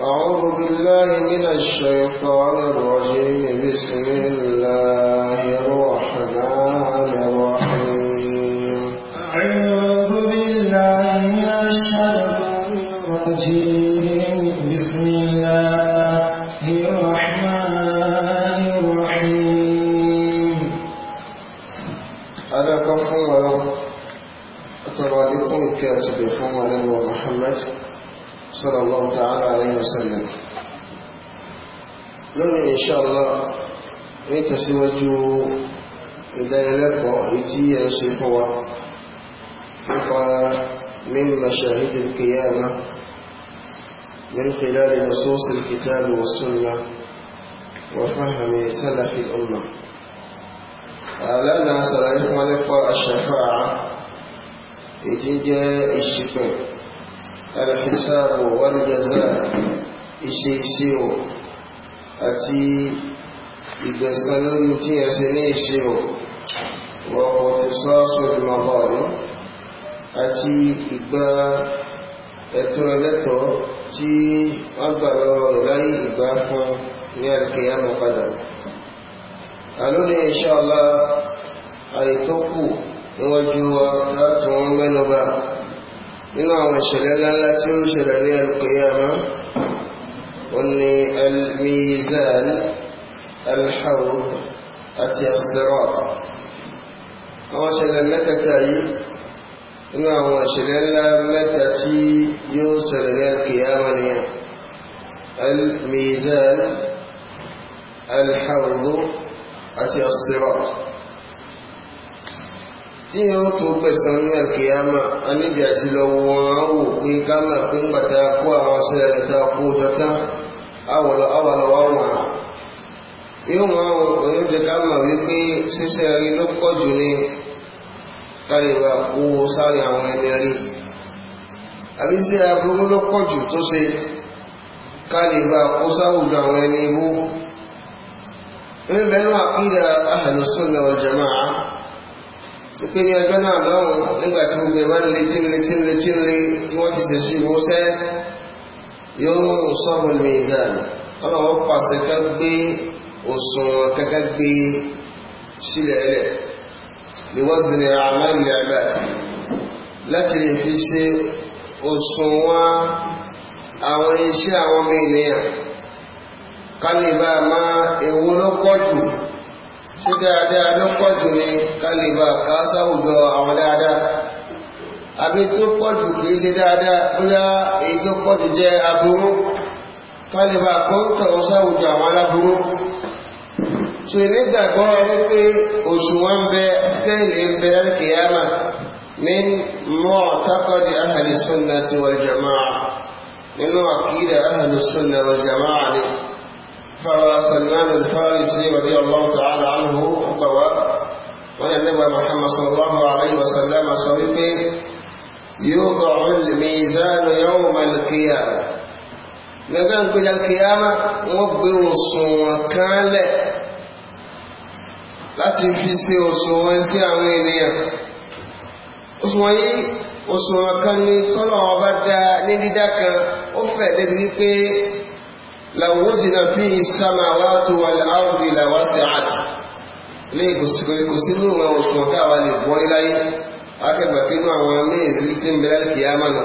أعوذ بالله من الشيطان الرجيم بسم الله الرحمن الرحيم أعوذ بالله من الشيطان الرجيم بسم الله الرحمن الرحيم أنا كفوا أتوالكم كاتب فما محمد صلى الله تعالى عليه وسلم لن إن شاء الله ìdánilẹ́kọ̀ọ́ ìtí ẹ̀ ń ṣe fún من مشاهد القيامة من خلال نصوص الكتاب والسنة وفهم سلف الأمة لنا سلف ونقوى الشفاعة ìdíjẹ́ الشفاعة alhisabu wàlùjẹ́sà iṣẹ́ iṣẹ́ o àti ìgbẹ̀sán lórí tí ẹ ṣe ní iṣẹ́ o wọ́pọ̀ ti sọ́ọ̀sọ̀ ìmọ̀bọ̀rún àti ìgbà ẹ̀tọ́ ẹlẹ́tọ̀ọ́ tí wọ́n gbà lọ́wọ́ láyé ìgbà fún ní àríkẹyàmọ̀ padà àlónìí insha Allah àìtókù níwájú من أعظم الشلالة التي ينشر بها القيامة وني الميزان الحوض أتي الصراط أما شلالة متى تأي من أعظم الشلالة متى تي يوصل بها القيامة الميزان الحوض أتي الصراط tí otu tó pẹ̀sán ní àkíyàmà a níbi àti lọ wọn á wò pé ká máa pín gbàtà kó àwọn aṣẹ ẹ̀dá kó jọta àwọ̀lọ̀ àwọ̀lọ̀ àwọn yóò máa òun jẹ ká máa wípé ṣíṣe rí ló pọ̀ jù ní kó sáré àwọn ẹni rí àbí ló jù tó ṣe ìpé ní ọjọ́ náà lọ́rùn nígbà tí gbogbo ìwọ́n lè tí lè tí lè tí lè tí wọ́n ti ṣèṣì ìwọ́sẹ́ yóò sọ́bù ní ìdáàlì ọlọ́wọ́ pàṣẹ kẹ́ gbé òṣùwọ̀n sílẹ̀ ẹlẹ̀ ni wọ́n ti ní àmàlì àgbàtì láti lè fi ṣe òṣùwọ̀n àwọn iṣẹ́ àwọn ọmọ ènìyàn kálíbà máa ewu lọ́pọ̀ jù ṣé dáadáa ló pọ̀ jù ní kálíbà káásá òjò àwọn dáadáa àbí tó pọ̀ kìí ṣe dáadáa bóyá èyí tó pọ̀ jẹ́ aburú kálíbà kọ́ńtọ̀ sáwùjọ àwọn aláburú ṣe nígbàgbọ́ wípé òṣùwọ̀n ń bẹ sẹ́ẹ̀lì ń bẹ lálùkìyàmà ní mọ́ọ̀tákọ́dì ti jama'a nínú àkídà ni. فسلمان الفارسي رضي الله تعالى عنه قال ونبي محمد صلى الله عليه وسلم صحيح يوضع الميزان يوم القيامة لكن كل القيامة وبيو سوى كان láti fi ṣe òṣùwọ̀n sí àwọn ènìyàn òṣùwọ̀n yìí òṣùwọ̀n kan ni tọ́lọ̀ لو وزن فيه السماوات والأرض لوسعت ilé ìkòsínú àwọn òṣùwọ̀n káwà lè bọ́ iláyé akẹgbà kínú àwọn mẹ́rin tí ń bẹ̀rẹ̀ kìí àmànà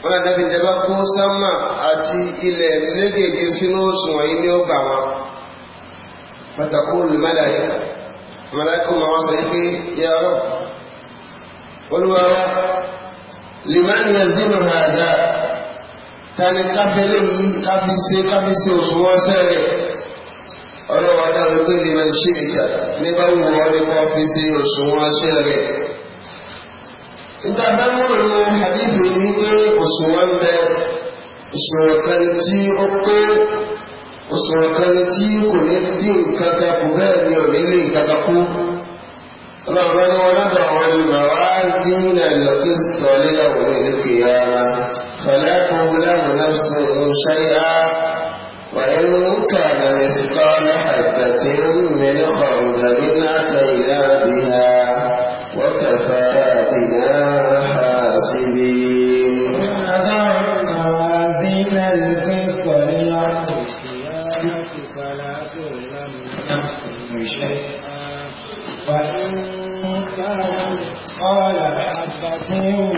wọ́n láti fi jẹba kó sánmà àti ilẹ̀ lẹ́gẹ̀ẹ́gẹ́ sínú òṣùwọ̀n yìí ní ó gbà wọn pàtàkó olùmọ́láyé mọ́lákó ma wọ́n sọ pé yàrá olúwará lè má nà zínú tani káfẹ́lẹ́ yìí káfi ṣe káfi ṣe òṣùwọ́n sẹ́rẹ̀ ọlọ́wọ́ dáhùn pé ní máa ṣe ìjà ní bá wù ọ́ ní kọ́ fi ṣe òṣùwọ́n sẹ́rẹ̀. ìtàbá múlò àdìbò yìí pé òṣùwọ́n bẹ òṣùwọ̀n kan tí ó pé òṣùwọ̀n kan tí kò ní dín nǹkan kan kù bẹ́ẹ̀ ni ò ní lé nǹkan kan kú. ọlọ́run bá ní wọn lọ́dọ̀ àwọn ìmọ̀ràn á dín ìlànà kí sọ̀lẹ́ فلا تظلم نفس شيئا وإن كان مثقال حبة من خردل أتينا بها وكفى بنا حاسبين ونضع موازين القسط ليوم فلا تظلم نفس شيئا وإن كان قال حبة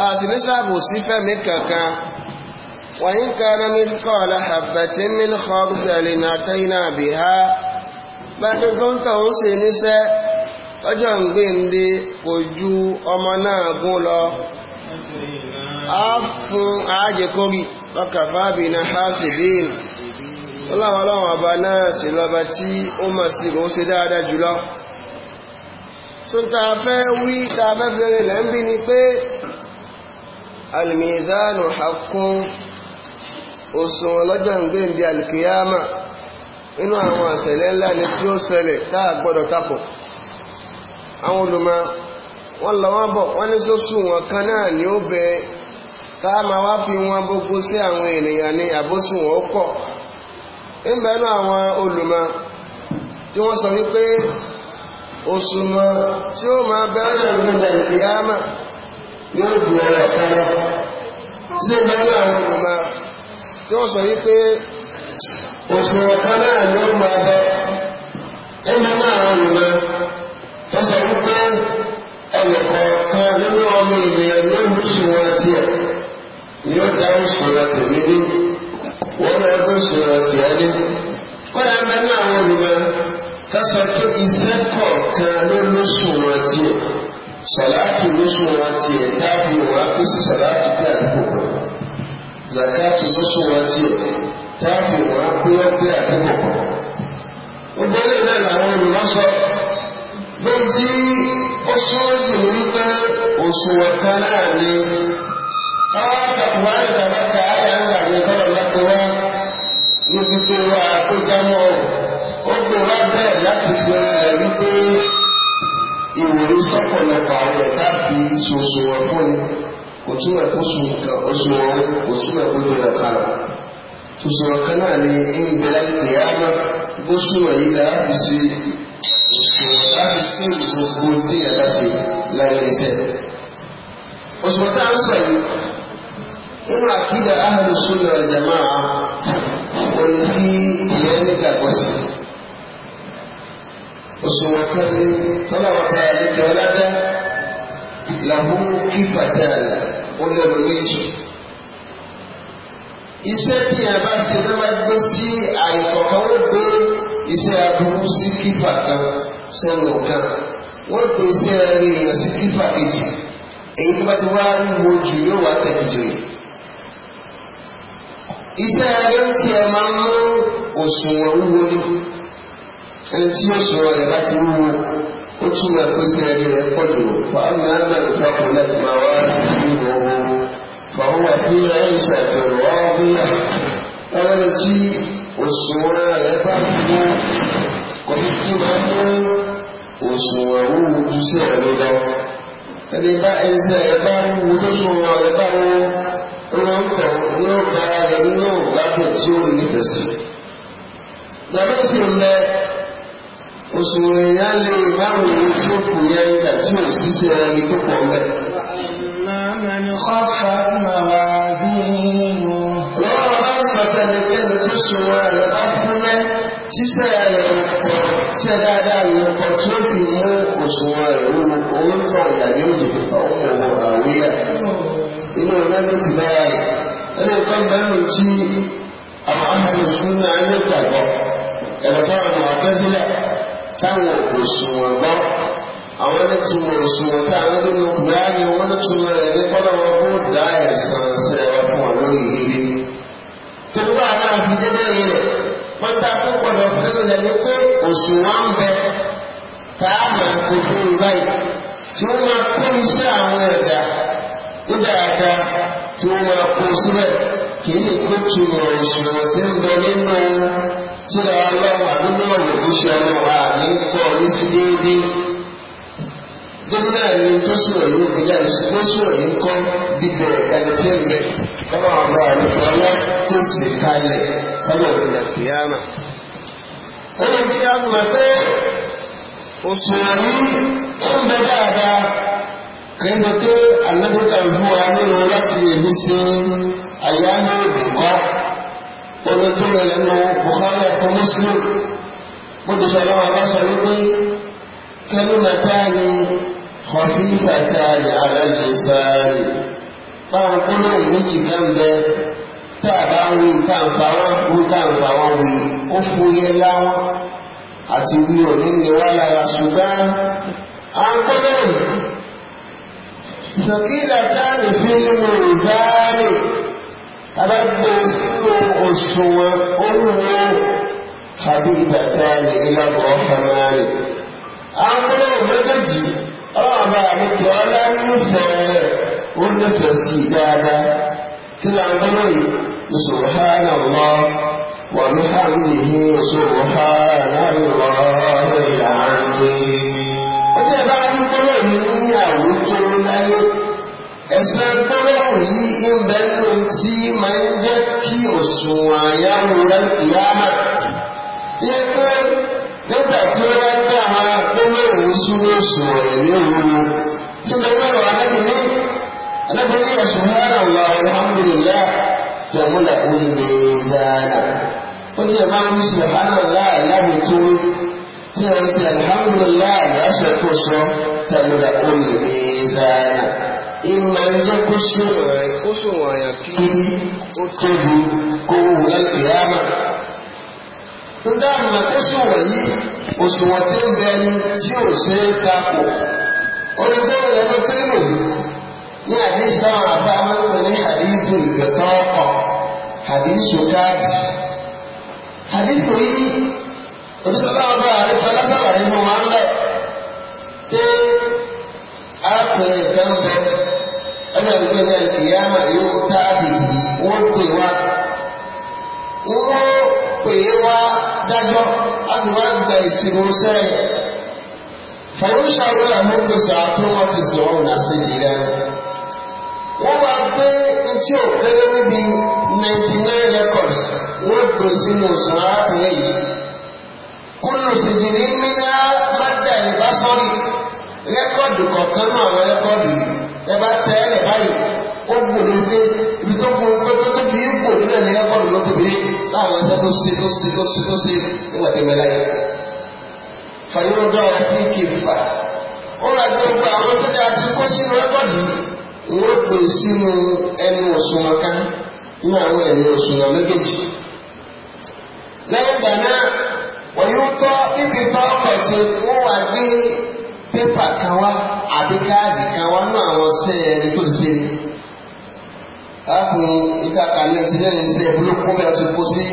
àti nísìláàbù sí fẹ́mi kankan wàyí kaná mílíkọ́ aláhàbàtí mílíkọ́ gbẹ̀lẹ̀ nàtẹ́yìnà bí ha bẹ́ẹ̀ tó ń tàn ń ṣe níṣẹ́ lọ́jọ́ ń gbé ndé kò ju ọmọ náà gún lọ a fún ààjẹkórì lọ́kàfà bí na ha sì bí ọlọ́run ọba náà sì lọ́ba tí ó alìmìzánù hakun osun lọ́jọ́ ń gbé ìbí alìkìyàmà inú àwọn àṣẹ̀lẹ̀ ńlá ni tí ó ṣẹlẹ̀ táà gbọ́dọ̀ tapọ̀ àwọn olùmọ̀ wọ́n lọ wọ́n bọ̀ wọ́n ní wọn kan ni ó bẹ ma wá fi wọn gbogbo sí àwọn ènìyàn ní àbóṣù wọn ó àwọn tí sọ wípé tí ó máa sí ìgbẹ́lẹ̀ àwọn olùmọ̀ tí wọ́n sọ yí pé òṣùwọ̀n kan náà ni ó máa bẹ ẹni náà àwọn olùmọ̀ tó sọ wípé ẹnìkọ̀ọ̀kan nínú ọmọ ènìyàn ló ń ṣùwọ̀n tiẹ̀ ni ó dá òṣùwọ̀n tèmi ní wọ́n náà tó ṣùwọ̀n tiẹ̀ ní. wọ́n yà bẹ́ẹ̀ ní àwọn olùmọ̀ tó sọ pé iṣẹ́ kọ̀ọ̀kan ló lóṣùwọ̀n tiẹ̀ sàláàtì lóṣù wọn ti ẹ̀ táàbí wọn pín sí sàláàtì bí àdúgbò kan zakati lóṣù wọn ti ẹ̀ táàbí wọn pín ọgbẹ́ àdúgbò kan. gbogbo ilé náà làwọn olùwọ́sọ lóun tí ó súnmọ́ jù ní wípé òṣùwọ̀n kan náà ni káwá kàkùnmá ìdàgbàkà àyà ń gbàgbé tọ́lọ̀ lọ́kọ̀ọ́ ní gbígbé wa tó jámọ́ ó gbé wa bẹ́ẹ̀ láti fi ọ́ sọ́pọ̀lọpọ̀ àwọn ẹ̀ka fi sòsòwọ̀n fún ni kò túmọ̀ kó sòsòwọ̀n kò túmọ̀ kó dọ̀nà kalọ̀ sòsòwọ̀n kan náà ni ẹni bẹ̀rẹ̀ ìyáàmọ́ bó súnmọ̀ yìí la fi ṣe òṣùwọ̀n láti ṣe gbogbo ní ẹ̀dá ṣe láàrin iṣẹ́ òṣùwọ̀n tá a ń sọ yìí nínú àkídà ahlu sunna wal jamaa òní kí ìyẹn nígbàgbọ́ sí i òṣùwọ̀n kan ní tọ́lọ́wọ́ ta àlejò ọlọ́dá làwọn kí fàtà ó lẹ́nu méjì. iṣẹ́ tí a bá ṣe tó bá gbé sí àìkọ̀kan ó gbé iṣẹ́ aburú sí kífà kan sẹ́nu kan wọ́n gbé iṣẹ́ rí èèyàn sí kífà kejì èyí tó bá ti wá wíwo jù yóò wá tẹ̀kejì rẹ̀. iṣẹ́ rí tí a máa ń mú òṣùwọ̀n wúwo ni ẹni tí yóò sọ rẹ̀ láti wúwo ó túmọ̀ pé sẹ́ẹ̀rì rẹ̀ pọ̀ jù fáwọn náà bẹ̀rẹ̀ fọ́pọ̀ láti máa wá nínú owó fàwọn àfi ẹ̀yìn ṣàfihàn wá bí ẹni tí òṣùwọ̀n rẹ̀ bá wú kò sí tí máa mú òṣùwọ̀n wúwo ju sí ẹ̀rọ lọ. ẹni bá ẹni sẹ́ ẹ bá wúwo tó ṣùwọ̀n ẹ bá wú ló ń tọ̀ ló ń bá ara rẹ̀ nínú ògbàgbọ̀ tí ó nífẹ̀ẹ́ sí. Yàrá sì ń lẹ mùsùlùmí yá lè báwọn èyí tí ó kù yẹ nígbà tí ò sí sí ẹni tó pọ̀ mẹ́. lọ́wọ́ bá ń sọ tẹnikẹ́ni tó sunwọ́ rẹ̀ bá fúnlẹ̀ ṣíṣe rẹ̀ pọ̀ tí ẹ dáadáa rẹ̀ pọ̀ tí ó fi mú òṣùwọ̀n rẹ̀ wúwo òun tọ̀ ìyàgbé òjò ọ̀hún ọ̀hún àwíyà inú ọ̀nà ló ti báyà rẹ̀ ẹni ìkọ́ mẹ́rin tí àwọn amẹ́rin fún ní ayé ẹ̀rọ fáwọn ọ̀fẹ́ sílẹ̀ táwọn òkú sùnwọ̀n gbọ́ àwọn ẹni tí wọ́n sùnwọ̀n táwọn nínú kùránì wọ́n ní túnmọ̀ rẹ̀ ní kọ́lọ̀ wọn kó dá ẹ̀sán sí ẹ̀rọ fún wọn lórí ìrírí tó bá náà fi dédé rí rẹ̀ wọ́n ta tó gbọ́dọ̀ fẹ́ràn rẹ̀ ní pé òṣùwọ̀n ń bẹ táàmà tó fún un báyìí tí wọ́n máa kó iṣẹ́ àwọn ẹ̀dá ó dáadáa tí wọ́n máa kó síbẹ̀ kì í sì kó túnmọ̀ tíra ọlọ́run àdúgbò ọ̀rọ̀ kò ṣe ọlọ́run àmì ń kọ́ ní sí déédéé. Dókítà ẹni tó sọ̀rọ̀ yìí kò jáde tó sọ̀rọ̀ yìí kọ́ bíbẹ̀ ẹ̀ńtẹ́mẹ̀ kọ́nà ọ̀gá ọ̀rọ̀ ọlá tó sì kalẹ̀ kọ́nà ọ̀rọ̀ kìyàmà. Ẹni tí a mọ̀ pé òṣùwọ̀n yìí ń bẹ dáadáa kìí ṣe pé àlejò kan nínú láti lè fi ṣe àyájọ́ ìgbìkọ́ wọn tó lọ lẹ́nu Bukhari àti Muslim bó ti sọ̀rọ̀ wọn bá sọ wípé kalimatani khafifatani ala al-lisan báwọn kúló ìmíjì kan bẹ tá a bá wí tá a fà wọn wí tá wí ó fúyẹ́ láwọn àti wí òní ni wá lára ṣùgbọ́n à ń kọ́ bẹ́ẹ̀. sọ̀kìlà táàrí fílímù rìzáàrì tàbá gbé sínú òṣùwọ̀n olùwọ́ tàbí ìgbàta ní ìlànà ọ̀fọ̀nà rẹ̀. àwọn méjèèjì ọlọ́ọ̀bá àlejò ọlá nífẹ̀ẹ́ rẹ̀ ó nífẹ̀ẹ́ sí dáadáa kí láńgbọ́nà yìí سبحان الله وبحمده سبحان الله العظيم. ní kọ́lọ̀ ẹ̀sìn gbọ́lọ́rùn yìí ń bẹ lóun tí máa ń jẹ́ kí òṣùwọ̀n àyáwó rẹ̀ ìyáàmà yẹ pé nígbà tí wọ́n gbé àwọn gbọ́lọ́rùn sínú òṣùwọ̀n ẹ̀mí òwúrò kí ló wọ́n wà láti ní alábẹ́ni ọ̀ṣùnwọ̀n àwọn alhamdulilá jọmúlà ń wí sílẹ̀ hánàlá aláàbò tó tí wọ́n sì alhamdulilá ìmọ̀ ẹjọ́ kó ṣòwò àyàn kí ó tóbi kó wù lálẹ́ àmà. Ó dáàmà kó ṣòwò yìí, òṣùwọ̀n tí ó bẹ ẹni tí ò ṣe é takò. Olùkọ́ rẹ̀ ló tẹ́lẹ̀ lòdì ní àdéhùn àwọn àbá mẹ́pẹ́ ní àdéhùn ìgbẹ̀tọ́ ọkọ̀, àdéhùn káàdì. Àdéhùn yìí, òṣèlú ọba àrífẹ́ lásàlàyé mọ́ máa ń lẹ̀ pé arákùnrin kan bẹ́ẹ̀ ọjọ́ ìgbẹ́jọ́ ìkìyàmà yóò tábì yìí wọ́n pè wá wọ́n pè wá dájọ́ láti wá gba ìṣirò sẹ́rẹ̀ fọwọ́n ṣàwọn àmúkọsọ àti wọn fi sọ wọn lásì jìlá wọ́n wá gbé tí ò kéré níbi 99 records wọ́n gbé sínú òsàn arákùnrin yìí kúlù sì jìnnì mímá má dà ìbásọ́rí rẹ́kọ̀dù kọ̀ọ̀kan náà rẹ́kọ̀dù yìí ẹ bá tẹ́ láwọn ẹsẹ̀ tó ṣe tó ṣe tó ṣe tó ṣe nígbà tó mẹ́lá yìí. fàyọ̀ dá fi kìfà ó rà gbogbo àwọn tó dáa ti kó sínú rẹ́kọ̀dì wọ́n pè sínú ẹnu òṣùwọ̀n kan ní àwọn ẹnu òṣùwọ̀n méjèèjì. lẹ́yìn ìgbà náà wọ́n yóò tọ́ níbi tọ́ ọ̀pẹ̀tì wọ́n wà gbé pépà kan wá àbí káàdì kan wá nú àwọn sẹ́ẹ̀rì tó ṣe. láàpù ìtàkà ní ọtí lẹ́yìn sí ẹ̀bùrú kún bẹ́ẹ̀ ti kó sí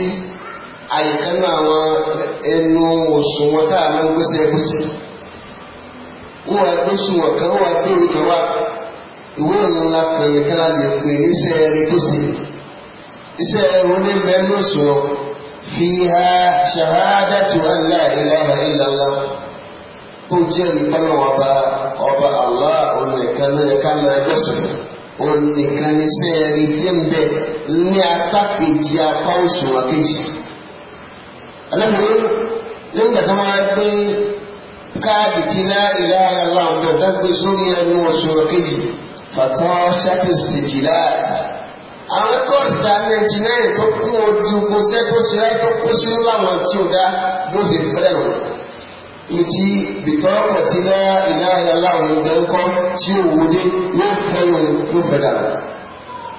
àyè kánú àwọn ẹnu òṣùwọ̀n tá a máa ń sí ẹkú sí wọ́n wá gbé sùnwọ̀n kan wọ́n wá gbé wá ìwé ńlá kan lè pè ẹ̀rí sí iṣẹ́ ẹ̀rọ ní fi ha kó jẹ́ onìkan ní sẹ́ ẹni tí ń bẹ ní apákejì apá òṣùwọ̀n kejì. alákùnrin nígbà tó máa gbé káàdì tí láìlá ara láwọn bẹ̀ dágbé sórí ẹnu òṣùwọ̀n kejì fàtọ́ ṣàkíyèsí jìlá àwọn kọ́ọ̀sì ta ninety nine tó kún ojú gbọ́sẹ́ tó ṣe láì tó sínú láwọn tí ó dá bó ṣe fẹ́ràn ìtì bìtọ́rọ̀ tí náà ìlànà láwọn ìdánkọ́ tí ó wúdé yóò fẹ́ yóò ló fẹ́ dà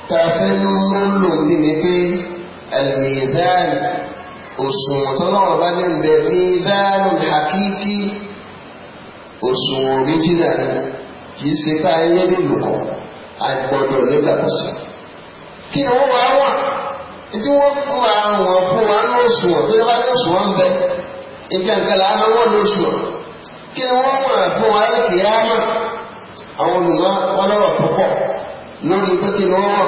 tàfẹ́ ló ló lò ní ni pé al-mizan òṣùwọ̀n tó náà bá lè bẹ̀ mizan hakiki òṣùwọ̀n oríjìnà kìí ṣe ká ẹyẹ nílùú kan àgbọ̀dọ̀ nígbàkọ̀sọ̀ kí ni wọ́n wá wà tí wọ́n fún àwọn fún wa ní òṣùwọ̀n tó yẹ nǹkan la máa wọ́n lóṣù ọ̀ kí wọ́n wà fún wa láti yá mọ́ àwọn olùmọ̀ wọn lọ́rọ̀ púpọ̀ lórí pé kí wọ́n wọ̀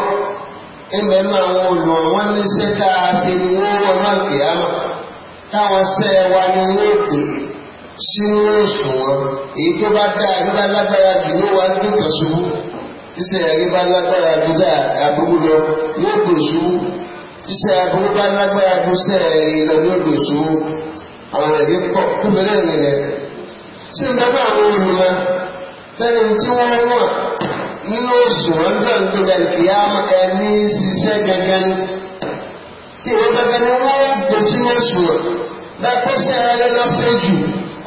ẹ̀mẹ́ máa wọn olùmọ̀ wọn ní sẹ́ta àti ni wọ́n wọ̀ máa kì á mọ̀ táwọn sẹ́ wa ni wọ́n pè sí wọ́n sùn wọn èyí tó bá dáa tó bá jù ló wà ní ìtọ̀sùwú tíṣẹ́ ẹ̀rí bá jù dáa àbúrú lọ yóò gbèsùwú tíṣẹ́ àbúrú bá lágbára jù sẹ́ẹ̀rí lọ yóò gbèsùwú àwọn ẹ̀rí pọ̀ kúbẹ̀rẹ̀ ìrìnlẹ̀ tí ń dábẹ́ àwọn olùmọ̀ tẹ́lẹ̀ tí wọ́n wọ́n nínú oṣù wọn bẹ́ẹ̀ ń gbẹ̀dẹ̀ kìá ẹni ṣiṣẹ́ gẹ́gẹ́ ní tí wọ́n gẹ́gẹ́ ní wọ́n gbé sí oṣù wọn dákọ́sẹ́ ẹ̀rẹ́ lọ́sẹ̀ jù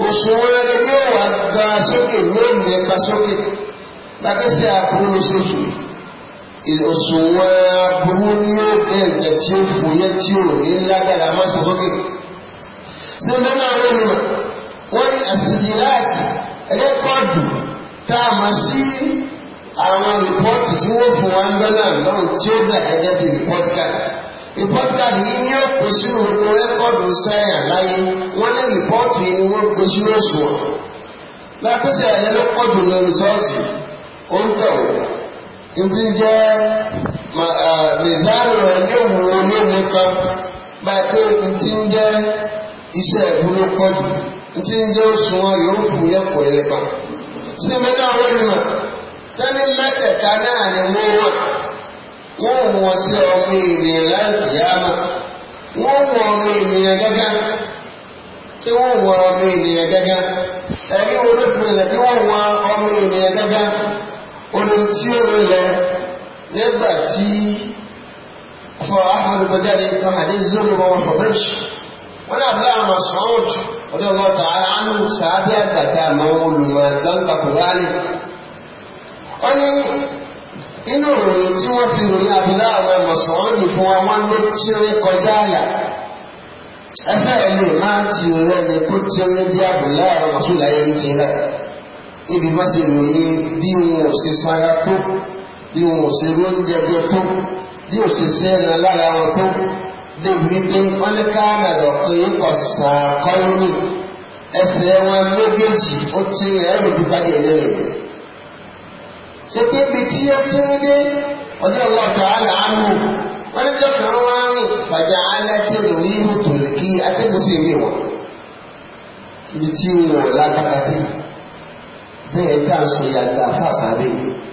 oṣù wọn rẹ̀ ní òwà ga sókè ní òmìnir ẹ̀ka sókè dákọ́sẹ́ àbúrú lọ́sọ̀jù oṣù wọn burú ní òkè ẹ̀jẹ̀ tí ó fòye tí ò ní lágbára mọ́sọ̀ sókè sí ọdún àwọn ènìyàn wọ́n ní àṣìṣe láti rẹ́kọ̀dù tá a mọ̀ sí àwọn rìpọ́tì tí wọ́n fún wa ń dọ́là lọ́rùn tí ó dà gẹ́gẹ́ bí rìpọ́tì káàdì rìpọ́tì káàdì yìí ní ọ̀pọ̀ sínú gbogbo rẹ́kọ̀dù sáyà láyé wọ́n ní rìpọ́tì yìí ni wọ́n gbé sínú òṣùwọ̀n lápẹ́sẹ̀ ẹ̀yẹ ló pọ̀ jù lórí oúnjẹ òwò ìdí jẹ́ mìzánù rẹ̀ ní òwúrọ̀ ní iṣẹ́ ẹ̀bú ló pọ̀ jù tí ń jẹ́ oṣù wọn yóò fún yẹ̀pọ̀ ẹlẹ́pà sí mẹ́ta àwọn ènìyàn tẹ́lẹ̀ mẹ́tẹ̀ẹ̀ta náà ni wọ́n wà wọ́n mú wọn sí ọmọ ènìyàn láìpẹ́ yáàmà wọ́n mú ọmọ ènìyàn gẹ́gẹ́ kí wọ́n mú ọmọ ènìyàn gẹ́gẹ́ ẹ̀rí olóṣèlú rẹ̀ kí wọ́n mú ọmọ ènìyàn gẹ́gẹ́ nígbà tí fọ bẹ́ẹ̀ wọ́n náà bí àwọn Mas'ud ọdún ọlọ́ta ara ánú sàábí àgbàtà àwọn olùmọ̀ ẹ̀gbọ́ ń papọ̀ wálé wọ́n ní inú ìròyìn tí wọ́n fi ròyìn àbílá àwọn Mas'ud fún wa wọ́n ló tí ó kọjá àyà ẹfẹ́ ẹ̀lú máa ti rẹ̀ ní kó tí ó ní bí àbúlá àwọn Mas'ud láyé ń ti rẹ̀ níbi bá sì ròyìn bí wọn ò ṣe sanra tó bí wọn ò ṣe lóúnjẹ jẹ tó bí ò ṣe sẹ́ẹ̀nà débi pé wọ́n ní ká nàdọ̀ pé ọ̀sán kọ́lùmí ẹsẹ̀ wọn méjèèjì ó ti ẹrù dúpadì ẹlẹ́yìn. ṣé pé ibi tí ó ti ń dé ọdún ọlọ́ọ̀tà aláàánú wọ́n ní jọ́kùnrin wọn rìn fàjà alẹ́tì lórí ìhùtò kí atẹ́gùsì mi wọ̀. ibi tí wọn lágbàdàdé bẹ́ẹ̀ dáhùn sọ yàgbà fáṣà bẹ́ẹ̀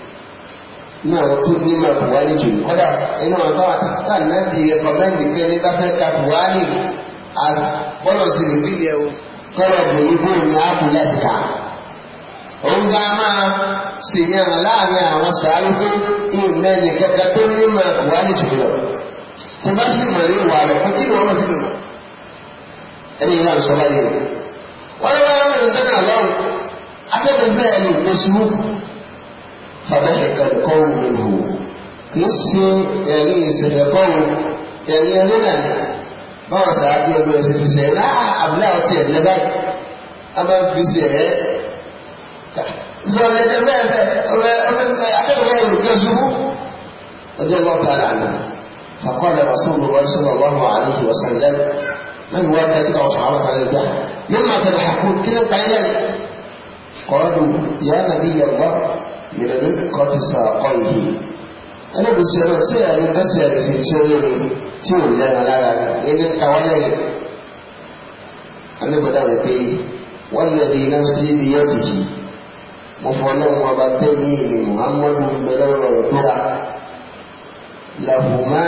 ní àwọn tó ní ma buhari jù kọ́dà inú àwọn táwọn akásítà náà di rẹ̀kọ́mẹ́ndì pé ní báfẹ́ ka buhari as bọ́lọ̀ sí ní bílẹ̀ o kọ́lọ̀ bòyí bóyí ní áàpù láti kà. òun ga máa ṣèyàn láàrin àwọn sàárù pé inú mẹ́ni kẹta tó ní ma buhari jù lọ. tí bá sì mọ̀ ní ìwà rẹ̀ fún kí ni wọ́n mọ̀ sí lọ. ẹni ìwà sọ báyìí o. wọ́n yọ wọ́n rẹ̀ lọ́dún tó náà فضحك القوم منه نصف يعني سيد القوم يعني هنا ما هو سعد يقول لسيد حسين لا أبلا أطيع لبك أما في سيد لا يجب أن أحب غير رضي الله تعالى عنه فقال رسول الله صلى الله عليه وسلم من هو الذي يدعو صحابك على الجهل؟ مما تضحكون كلا قالوا يا نبي الله mìlẹ̀mí kọ́tù sàkọ́ yìí ẹlẹ́bùsí ọ̀rọ̀ tí a lè bẹ́sẹ̀ rẹ̀ fi tí ó lé tí ò lẹ́nu lára rẹ̀ ní àwọn lẹ́yìn alẹ́bùdá rẹ̀ pé wọ́n lè di iná sí ibi yóò ti yìí mo fọ́ náà wọn bá tẹ̀lé ìlú muhammadu mẹlẹ́rọ̀ ìdúrà làhùmá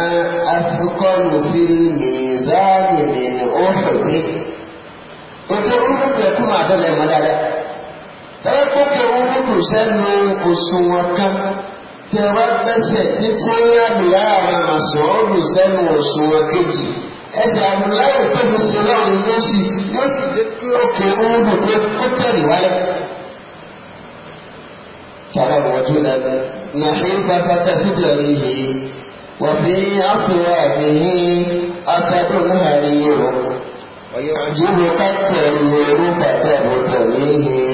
afikọ́lù fílmì záàmì ní òṣèlú ó tó ń rúbẹ̀kún àdọ́lẹ̀ mọ́ dáadáa ẹ kókè owó kù sẹ́nu òṣùwọ̀n kan tẹ wá gbẹ́sẹ̀ títí àdìyá àwọn àṣọ ọ̀dù sẹ́nu òṣùwọ̀n kejì ẹsẹ̀ àmúláyè tóbi sí lọ́run sì yóò sì jẹ́ kí òkè owó kù pé kó tẹ̀lé wáyé. ترى رجلا نحيف فتسجره وفي أثوابه أسد هرير ويعجبك التنوير فتبتليه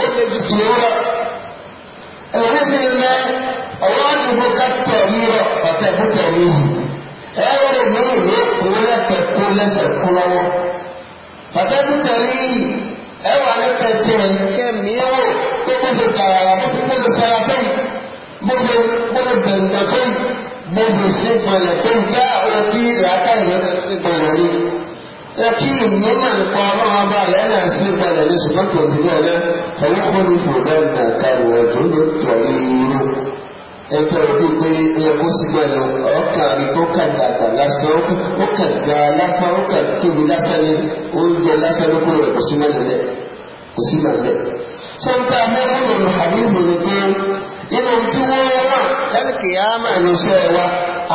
wanda ji tiyora ẹ̀rọ sì ń lẹ ọwọ́ àdúgbò kápẹ́ yíyọ ọ̀tẹ̀ púpẹ̀ níyì ẹ̀rọ rẹ̀ ní ìwé ìwé lẹ́tẹ̀ kú lẹ́sẹ̀ kú lọ́wọ́ ọ̀tẹ̀ púpẹ̀ níyì ẹ̀wà ní kẹtì ẹ̀ kẹ́mi ẹ̀wọ̀ tó kó ṣe tààrà bó ṣe sára fẹ́yì bó ṣe bó ṣe bẹ̀ǹdẹ̀ fẹ́yì bó ṣe ṣe ẹ kí ìmúmọ̀ nípa ọlọ́run bá lẹ́nà sí ìpadà ní ṣùgbọ́n kò ní ní ọ̀lẹ́ ọlọ́kùnrin ní kò lẹ́nà kàwé ọ̀dọ́ ló tọ̀ ní irú ẹjọ́ ojú pé ẹ kó síbẹ̀ lọ ọkà ikọ́ kà dàgbà lásán ó kà ga lásán ó kà tóbi lásán ní oúnjẹ lásán ló kúrò kò sí mẹ́lẹ̀ kò sí mẹ́lẹ̀. sọ ń ta mẹ́rin ní àdéhùn ni pé nínú tí wọ́n wà lẹ́kì ámà níṣẹ́ wa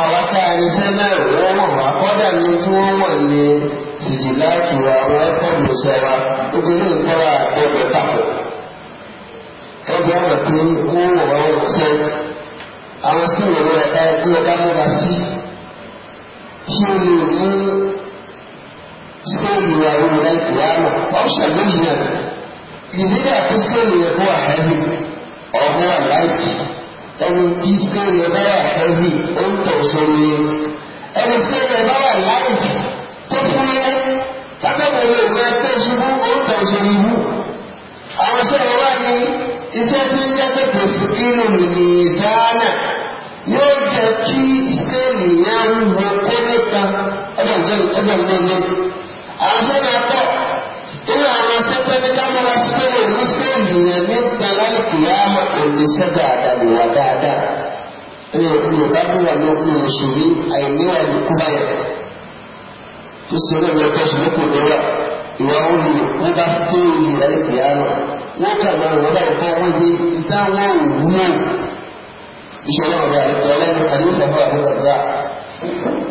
àwọn tá a níṣẹ́ náà wọ́n wọ̀ wá kọ́dà ní tí wọ́n wà ní ìjì láàkì wa wọ́n kọ́ọ̀lù sọ wa gbogbo ní nǹkan wa gbọ́dọ̀ papọ̀ ẹgbẹ́ ọ̀nà pé ó wọ̀ ọ́ sẹ́ àwọn sí ìwé ẹ̀ka ẹgbẹ́ ọ̀gá múra sí tí ó lè mú sílẹ̀ ìwà ìwà ìwà àmọ̀ ọ̀ṣà méjì náà ìdílé àti sílẹ̀ ìwà ẹ̀kọ́ àhẹ́bì ọ̀gbọ́n àláìkì ẹni tí sílẹ̀ ẹ̀kọ́ àhẹ́bì ó ń tọ̀ sórí ẹni sílẹ̀ ẹ̀kọ́ àláìkì tó fúyẹ́ tábẹ́bẹ̀ rẹ̀ rẹ̀ tó ṣubú ó tẹ̀ ṣe ibú àwọn iṣẹ́ ọwọ́ ni iṣẹ́ tí ń jẹ́ pé kò kírun ní ìsáánà yóò jẹ́ kí iṣẹ́ ènìyàn wúwo kó nípa ọjọ́ ìjọ ìjọba ìgbẹ́lẹ́ àwọn iṣẹ́ náà pọ̀ nínú àwọn sẹ́pẹ́ ní kámọ́ra sílẹ̀ yẹn ìṣòro yẹn tó ṣe lóko lọ́wọ́ ìwà òní wọ́n bá sí ìyìn rẹ̀ lẹ́kọ̀ọ́ yá lọ wọ́n kà lọ wọ́n bá ìfọ́ wọ́n dé ìta wọn ò wú náà ìṣòro ọ̀rẹ́ àlejò ọlẹ́nu àdúgbò àbúrò ọ̀gá.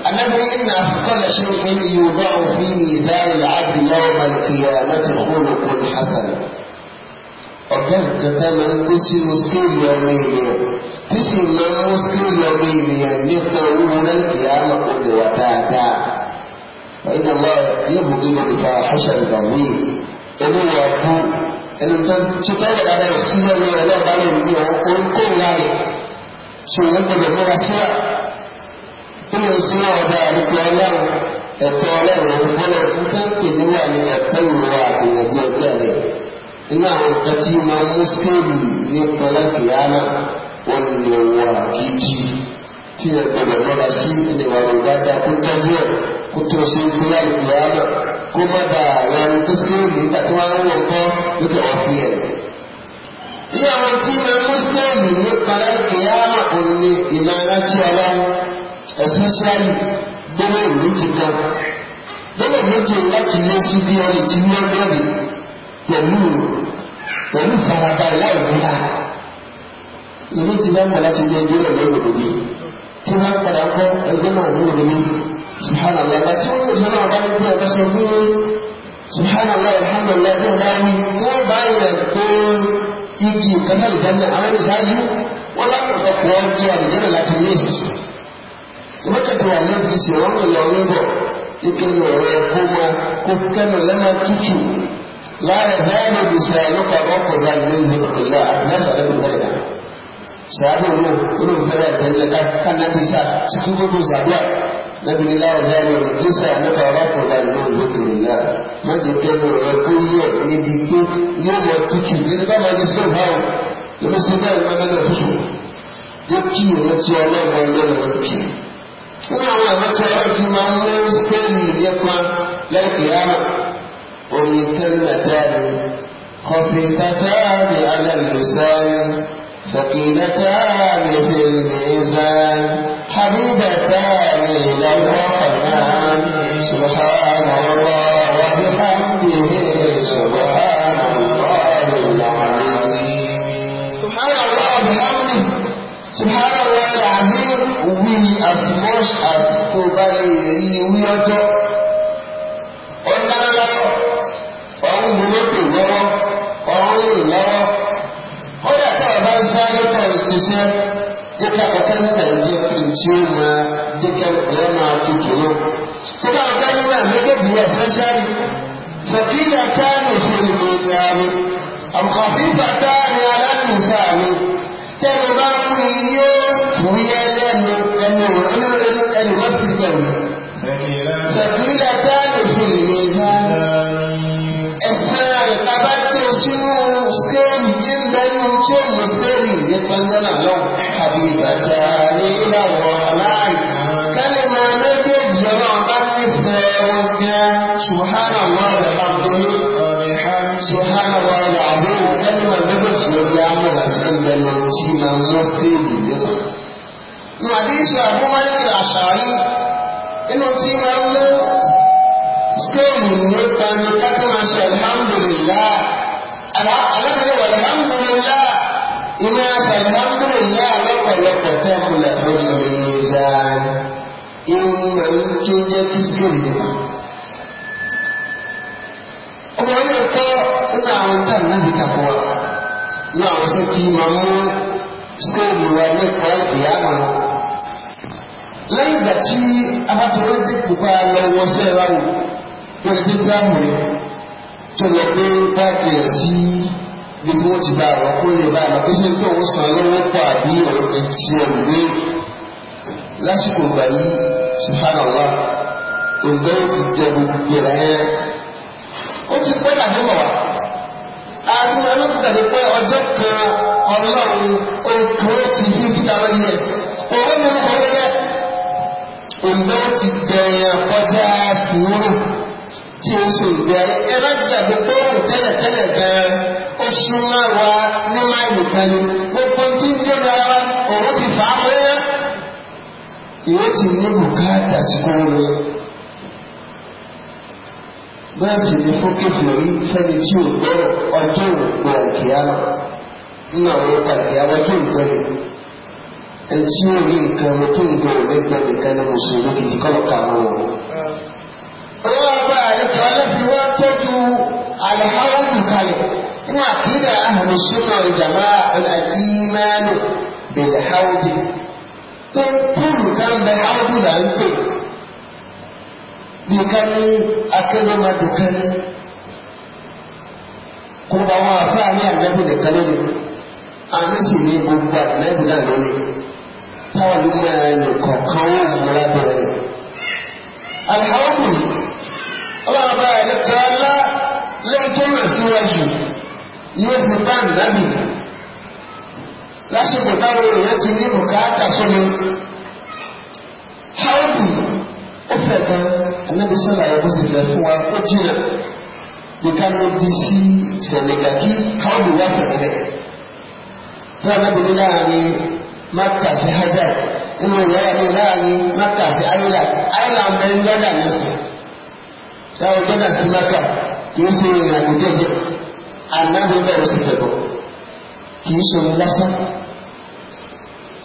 النبي إن أثقل شيء يوضع في ميزان العبد يوم القيامة خلق حسن ọ̀gá ìkẹta máa ń gbé sínú skéèlì ọmọ ènìyàn tí sì máa ń mú skéèlì ọmọ ènìyàn nípa owó lẹ́yìn ìyá àmọ́ kò lè wà dáadáa. وإن الله يبغض الفاحشة البغيض olórí ọdún ẹni tó ti tẹ́lẹ̀ dáadáa lọ sí ilé ọlọ́run bá lè ní ohunkóhun láàyè tí òun gbọdọ̀ múra síra kí ló ń sinmi ọ̀dà àdúgbò ọlọ́run ẹ̀tọ́ ọlọ́run ló ń bọ́lọ̀ nǹkan pè ní wà ní ẹ̀tọ́ ìwà àgbègbè ọgbẹ́ rẹ̀ nínú àwọn nǹkan tí máa mú skéèlì ní pẹlẹ́kìá náà wọ́n lè wà kíjì tí ẹ gbọdọ̀ lọ́la sí ilé wa lè dáadáa kó tọ́jú ẹ̀ kó tó ṣe pé àìpẹ́ àmọ́ kó má da àwọn ẹni tó ṣe é nígbà tó wá ń wọ̀ ọ́ ló tẹ̀ wọ́n fi ẹ̀. ní àwọn tí ìmọ̀ mùsùlùmí nípa àìpẹ́ àmọ́ òun ni ìmọ̀ aláṣẹ ọlá ẹ̀sìn ṣáàlì gbọ́dọ̀ ìlú ti kan. gbọ́dọ̀ méje láti lé sí bí ọ̀nì tí wọ́n gbọ́dọ̀ pẹ̀lú pẹ̀lú farabalẹ̀ láì tí wọ́n padà kọ́ ẹgbẹ́ náà ní òun ní subhanallah bá tí wọ́n sọ náà bá ní bí ọ̀gá sọ pé subhanallah alhamdulillah tí wọ́n bá ní wọ́n bá yẹ kó igi kanáà ìdájọ́ àwọn ìṣáájú wọ́n lápapọ̀ pọ̀ kí àdìjẹ́rẹ̀ láti ní ìsìsì. Ìmọ̀kẹ́tì wà ní ìfisì wọn lọ ní bọ̀ nítorí ọ̀rọ̀ ẹ̀kọ́ wọn kó kẹ́nu lẹ́nà tútù láàrẹ̀ dáàbò bìsí àyẹ̀lọ́kọ̀ àwọn ọkọ̀ sàbẹ̀ wo olùfẹ́rẹ́ tẹ̀lé kánábísà síkúgbógbó sàbẹ̀ lẹ́bi ní láwọn ọ̀dọ́ ẹ̀rọ ìgbésẹ̀ nípa ọlọ́kùnrin àti ìlú òkèèrè náà wọ́n ti tẹ́lẹ̀ ọ̀rọ̀ kó yẹ níbi pé yóò lọ tutù níbi bá máa di sílẹ̀ báwọn lọ́wọ́ sí bẹ́ẹ̀ ní ọmọdé tutù yóò kí ìwé tí ọlọ́run ọlọ́run lọ tutù. nínú àwọn àwọn tí ọlọ́run ti máa ń mú sẹ́ẹ̀lì ìyẹ́pọn lẹ́ẹ̀kì ámà òyìnkẹ́rù àtàrí kọfí kàtàrí alẹ́ ثقيلتان في الميزان حبيبتان إلى الرحمن سبحان الله وبحمده سبحان الله العظيم سبحان الله بحمده سبحان الله العظيم will as much as tó bá lè rí wíwájọ́ ọ̀nà ńlá ọ̀hún gbogbo nti sɛ yɛka ɔkɛntɛn deɛ nsuo nyinaa de ka bɛrima kotoyo sika ɔka no a mɛka di ɛsɛsɛn fakila kaane fi lmizaani am khafifa kaane ala nnisaani subhanallah da abdul subhanallah da abdul kalmar da ba su ya mu da san da lokaci na sai da yawa mu hadisi abu mali da ashari inu ti ma mu skemu ne ta ne ka kuma shi alhamdulillah ala ala walhamdulillah ina salhamu ànábì tako wa ní àwọn sọ ti máa mú sóòmù wa nípa ìyáàmù lẹ́yìn ìgbà tí abájọwé dẹ́kun bá lọ wọ sẹ́ẹ̀rà wò wọ́n ti dá mọ̀ tó lọ pé báàgì ẹ̀ sí bí wọ́n ti bá àwọn kó lè bá àwọn pé ṣé tó ń san lọ́wọ́ pọ̀ àbí ọ̀rọ̀ ẹ̀ ti ẹ̀rù gbé lásìkò ìgbà yìí subhanallah òǹgbẹ́ ó ti jẹ gbogbo ìrẹ̀ ó ti pẹ́ làdúgbò wa àti wọn ló gbàgbé pé ọjọ́ kan ọlọ́run okan ó ti bí fíta lórí rẹ̀ òun ló ń kọ́ lẹ́lẹ́ òǹdó ti bẹ̀rẹ̀ kọjá sùúrù tí ó so ìgbẹ́ ẹ má gbàgbé pé òun tẹ́lẹ̀ tẹ́lẹ̀ gan ó súnmọ́ wa ní máa nìkan ni gbogbo tí ń jẹ́ lára wa òun ti fà á mọ́ ìwé ti ní bùkátà sí kúrò rẹ̀ bẹ́ẹ̀ sì ni fún kéfìrí fẹ́ni tí ò gbọ́rọ̀ ọjọ́ òpó àkíyámà nínú àwọn ọkọ̀ àkíyámà tó ń gbẹ́ni ẹni tí ó rí nǹkan ọmọ tó ń gbọ́rọ̀ lẹ́gbẹ́ nìkan ní mùsùlùmí kìtì kọ́lọ̀ kàánú wọn. owó ọgbà àlejò ọlọ́fi wá tọ́jú àlẹ́háwọ́dù kalẹ̀ nínú àkíyà àhùnsúnà ìjàmbá ọ̀làdìmánù bẹ̀lẹ̀ háwọ́dù tó ń kúrù bìkanni akérèmà dùkanni kò bá wọn àfáà ní ànábì nìkan lónìí àmì sì ní gbogbo ànábì náà lónìí pọ́ọ̀lù máa nìkan kan ó mú lábẹ́rẹ́ alhamdu ọlọ́ọ̀bá ẹ̀lẹ́kọ̀ ọlá lẹ́ẹ̀kẹ́ rẹ̀ síwájú yóò fi bá ànábì lásìkò táwọn èèyàn ti ní bùkátà sómi. ó fẹ́ gan anábì sàlàyé bó sì fẹ́ fún wa ó jìnà nìkan ló bí sí Senegal kí káwọn ìwà fẹ̀rẹ̀ fún anábì ní láàrin Mákà sí hazard nínú ìwà ní láàrin Mákà sí Ireland Ireland bẹ̀rẹ̀ lọ́dà lẹ́sìn láwọn gbọ́dọ̀ sí Mákà kì í ṣe ìrìn àjò jẹjẹ anábì bẹ̀rẹ̀ sí fẹ̀ bọ̀ kì í ṣe omi lásán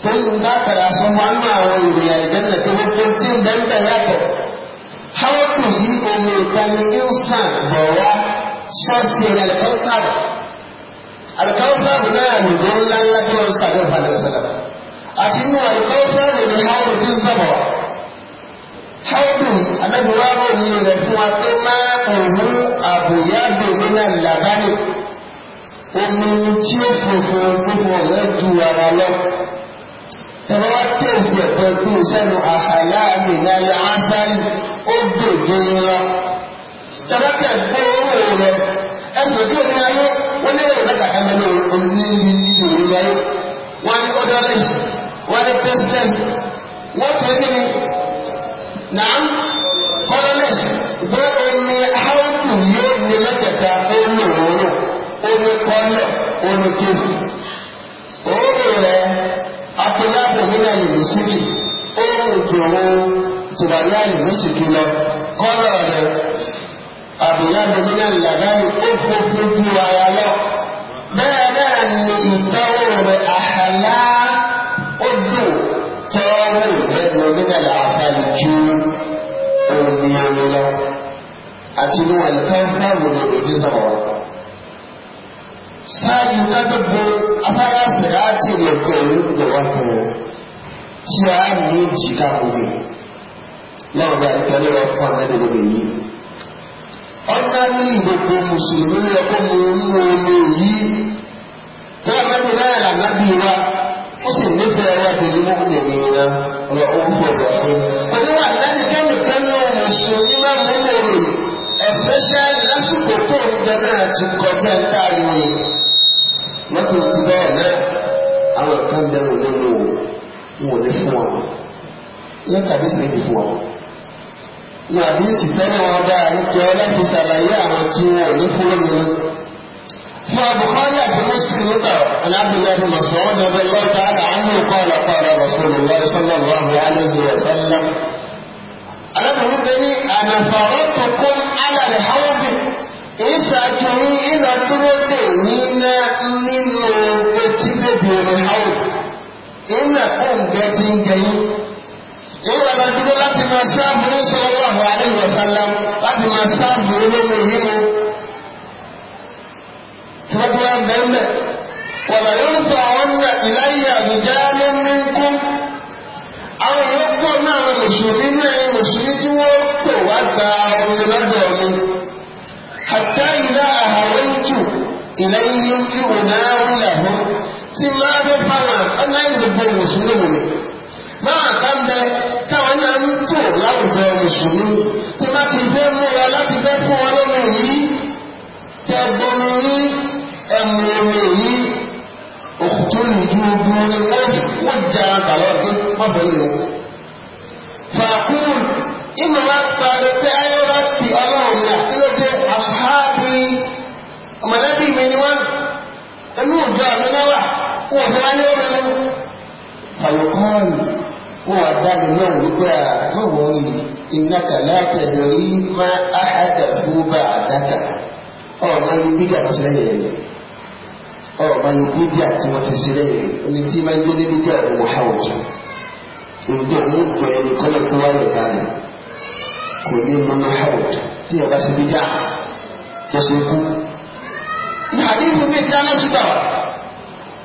sai in ba ka rasu wannan wani da yarda da ta hukuncin dan da ya ta hawa ku ji umu kan insan bawa sosai da alkawtar alkawtar na yaro don lalatuwar sadar fadar sadar a cikin alkawtar da ya hawa din sabawa haɗu annabi wa ba ni da kuma kuma ohun abu ya domina labari omi tí ó funfun púpọ̀ rẹ̀ ju ara lọ ẹ̀rọ tẹ̀sí ẹ̀kọ́ ẹ̀kú sẹ́nu àhàlá mi láyé ásárì ó gbòdó lọ. ẹ̀rọ kẹ̀ gbé owó rẹ̀ ẹ̀sùn tó ní ayé wọ́n ní ẹ̀rọ mẹ́ta kan lẹ́nu onílé nílé orí ayé wọ́n ní rẹ̀ síbi ó rògbò wọn tùbàlẹ́ẹ̀lì lọ́sìkì lọ kọ́lọ̀ rẹ̀ àbúyá domínà làdáni ó gbogbo ju ara lọ bẹ́ẹ̀ náà ni ìtọ́wò rẹ̀ àhàlá ó dùn tọ́wò rẹ̀ domínà làásàlì ju omi lọ àti inú àlùfáà fúláwò ni òbí sọ̀rọ̀ wọn. sáájú ká afárá sèrè á ti lè pẹ̀lú kan tí a yóò jì káàkiri náà ní àtẹnudọ́ lọ fún àtẹnudọ́ lọ yìí. ọ̀nà ní ìgbòho mùsùlùmí yẹ kó mu nínú omi yìí tí a bẹ́ẹ̀ náà là lábì wa ó sì nífẹ̀ẹ́ wa tẹ̀lé mọ́ ní ẹ̀mí wa ọ̀rọ̀ ọ̀hún fún ọ̀gá fún. pẹ̀lú àtẹnudọ́ kẹ́míkẹ́ náà mùsùlùmí náà mú lòrè ẹ̀sẹ̀ṣẹ́ lásìkò tó ń bẹ náà ti kọjá táyé. mọ́tò ti bẹ́ẹ̀ náà àwọn kan wọn ò ní fún wa yẹ kàdísì méjì fún wa ní àdísì tẹ́lẹ̀ wọn dáa nípa ọlẹ́fi sàlàyé àwọn tí wọn ò ní fún lómi fún abùkọ́lì àti mùsùlùmí nígbà alábìlẹ̀ ní mùsùlùmí ọdún ọdún lọ́wọ́ tá a dà án ní kọ́ọ̀lá kọ́ọ̀lá mùsùlùmí lọ́wọ́ sọ́lá lọ́wọ́ alẹ́bí ọ̀sánlá alábìlẹ̀ bẹ ní ànàfàwọ́ tó kó alàlẹ́ bèbè rẹ̀ hàwọ́bì ìyẹn òǹgẹ ti ń gẹyìn ìwọ̀n náà dúró láti máa sáàbù ní sọ́wọ́ àwọn àlejò ọ̀sánlá láti máa sáàbù olóko yìí mu tọ́jú ẹgbẹ́mẹ̀ wọ̀nà yóò fọ àwọn ọ̀nà ìláyà àbújá ló ń àwọn náà mùsùlùmí náà ní mùsùlùmí tí wọ́n wá gba tí máa fẹ́ fara ọláyìn gbogbo mùsùlùmí ni máa bá ń bẹ táwọn náà ń tò láwùjọ mùsùlùmí tí wọ́n ti fẹ́ múra láti fẹ́ fún wọn lọ́nà yìí tẹ̀gbọ́n ní ẹ̀mú omi yìí òkùtù nìjú ogun ni wọ́n ti wọ́n já bàlọ́ ọdún pọ̀bọ̀ nù. fàákùn ìmọ̀ wá parí pé wọn ò dáa lọ́rọ̀ fàlùkọ́ọ̀nù wọn wà dáa náà nígbà lọ́wọ́ yìí ìnáka látẹ̀lẹ̀ rí má áhàdà fún bá àdáka ọ̀rọ̀ ayé bídà ti lẹ́yìn rẹ̀ ọ̀rọ̀ ayé bídà tí wọ́n ti ṣe lẹ́yìn rẹ̀ omi tí máa ń gbé níbi díẹ̀ ọ̀rọ̀ wàhálà ìjọ ní ìgbà ẹni kọ́lọ̀ tó wáyé báyìí kò ní mọ́nà hàwùd tí ẹ bá ṣe bídà ó ṣe kú. ìhàdí ìfúnni tí a náà ṣùgbọ́n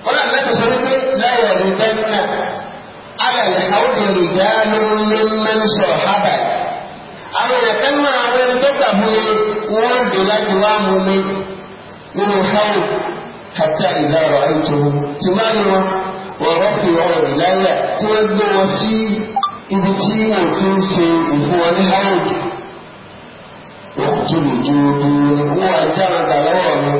wọ́n náà lẹ́tọ̀ sọ wípé láyọ̀ rí dẹ́nà alẹ́ àwòdì rí dá lórí mẹ́nsọ̀ hábà àwọn èèyàn kan náà àwọn ẹni tó gbà mú mi wọ́n dè láti wá mú mi nínú háwù kàtà ìdára ètò tí tún lè ju ìwọ̀n àjàrà dà lọ́wọ́ mi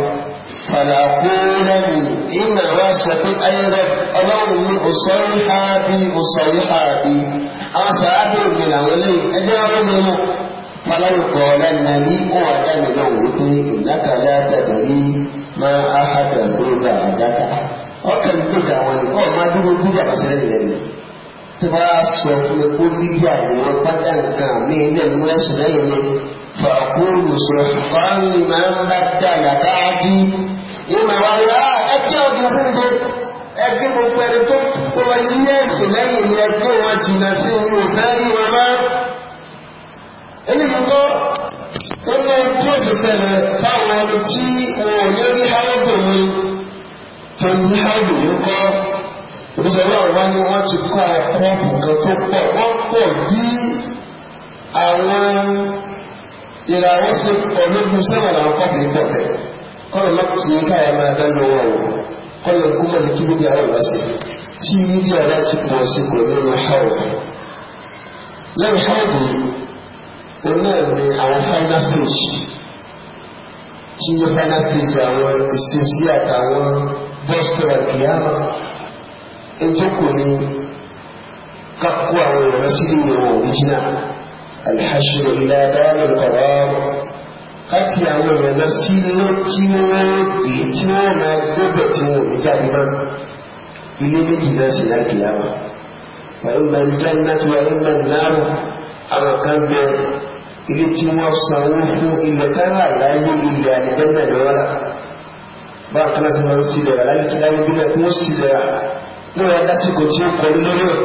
fàlàkó lẹ́yìn ìnà wá sọ pé ayẹyẹ ọlọ́run ní òṣèré ha bí òṣèré ha bí àwọn sàábì òbí làwọn lẹ́yìn ẹjẹ́ wọn ló mú fọlọ́run kọ́ lẹ́nu ní kó wà dáná náà wò pé ìdákàlẹ́ àtàkàrí máa á hàdà sórí àdáka ọkàn tó dà wọn ni ọ̀ máa dúró bí dàgbà sílẹ̀ lẹ́nu tí wọ́n á sọ fún mi kó bíbí àdéhùn pátá nǹkan mi ilé mú ẹ̀sùn lẹ́yìn mi fàkúrú sọ̀rọ̀ fáwọn ìmọ̀ ń bá dàgbà báyìí ìmọ̀ wọn yá ẹgbẹ́ ọ̀gá síbi ẹgbẹ́ gbogbo ẹni tó kó wọn yí ẹ̀sìn lẹ́yìn ní ẹgbẹ́ wọn jìnnà sí ìlú ìfẹ́ yí wọn máa ẹni gbogbo ó ní ẹgbẹ́ òṣìṣẹ́ rẹ̀ fáwọn ẹni tí wọn ò ní rí háyọ́dù mi tó ní háyọ́dù mi kọ́ òṣìṣẹ́ wọn ni wọ́n ti kọ́ ẹ̀kọ́ nǹkan tó pọ̀ wọ́n pọ̀ bí àwọn ìràwọ̀ ṣe pọ̀ lójú àwọn kọ́ọ̀bù kọ́nà lápùsí káyà máa dánú wọn o kọ́nà kúmọ̀ ní kí níbi àwọn ìwáṣẹ̀ tí níbi àrá ti pọ̀ sí pọ̀ nínú ṣáwọ̀ lẹ́yìn ṣáwọ̀ òun náà ni àwọn final stage tí ní final stage àwọn ìṣesí àtàwọn bọ́sítọ̀ àkìyàmà ẹjọ́kù ni kákó àwọn ìrẹsílẹ̀ ìwọ̀n òjìnà alhashiru ila dáhùn kọ̀wárọ̀ láti àwọn èèyàn lọ sí ilé tí wọ́n dé tí wọ́n máa gbọ́bẹ̀ tí wọ́n ní jáde náà ilé méjì náà sì láti yàwó pẹ̀lú nàìjíríà náà tí wọ́n náà náà àwọn kan bẹ ilé tí wọ́n sanwó fún ilẹ̀ kára láyé ilẹ̀ àdìjẹ́ náà lọ́wọ́ la báwọn kan láti máa ń sílẹ̀ rà láyé kí láyé bí náà kí wọ́n wọ́n yà lásìkò tí ó kọ́ lórí ẹ̀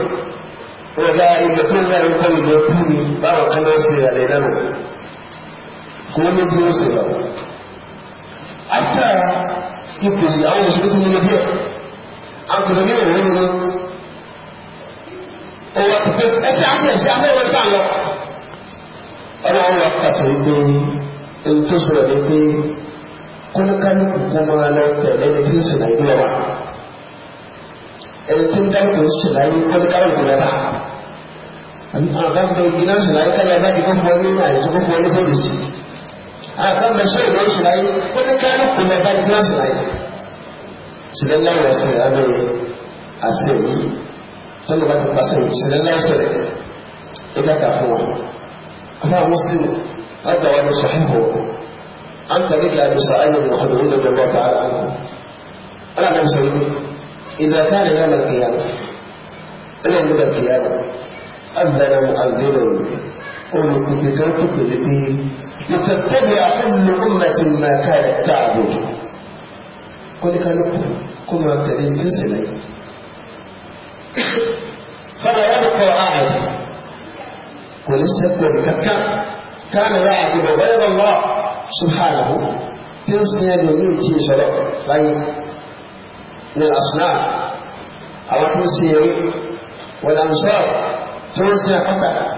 wọ́n yà ilẹ̀ pé náà kọ́ ilẹ̀ kú ni báwọn kan náà sílẹ̀ rà kò ní bí ó sì lọ. àtà ipò àwọn òṣèlú ti nílé díẹ̀ àgùntàn ní òun ní owó pípé ẹsẹ̀ àṣẹ ìṣẹ́ afẹ́wọ́ ìta lọ. ọlọ́run wa pàṣẹ wípé èyí tó sọ̀rọ̀ ni pé kólókálùkù kó máa lọ tẹ̀lé ní tí ń sìn láyé lọ́wọ́ ẹni tí ń dákò ń sìn láyé kólókálùkù lọ́wọ́ àbábọ̀ ìgbìnà sìn láyé kálí abájú kó fọ́ ní àyè tó kó fọ́ àkànbẹ ṣé ìwé ìṣìláyé ó ní ká lóko ní ẹ̀dá ìdílé ìṣìláyé ṣìlẹ̀ ńlá ìwà ṣẹlẹ̀ abẹ́ àṣẹ yìí tọ́lú bá ti pàṣẹ yìí ṣìlẹ̀ ńlá ìṣẹlẹ̀ ẹ dáka fún wọn. ọmọ muslim ọgbà wa ni sọ̀hìnbó an tàbí kí a lè sọ ayé ní ọdún ní ọdún bọ́ta ara wọn. ọlọ́run náà sọ yìí ìgbà káàdì náà lọ kìyàmù ẹlẹ́yìn ló lọ kìyàmù ọgbà náà قولوا كنت جاءتك لبيه لتتبع كل أمة ما كانت تعبد قل لكم كم عبدالين تسلي فلا يبقى أحد قل السكور كان كان يعبد غير الله سبحانه تنسني يومين تيسر طيب للأصنام أو تنسي يومين تنسي حتى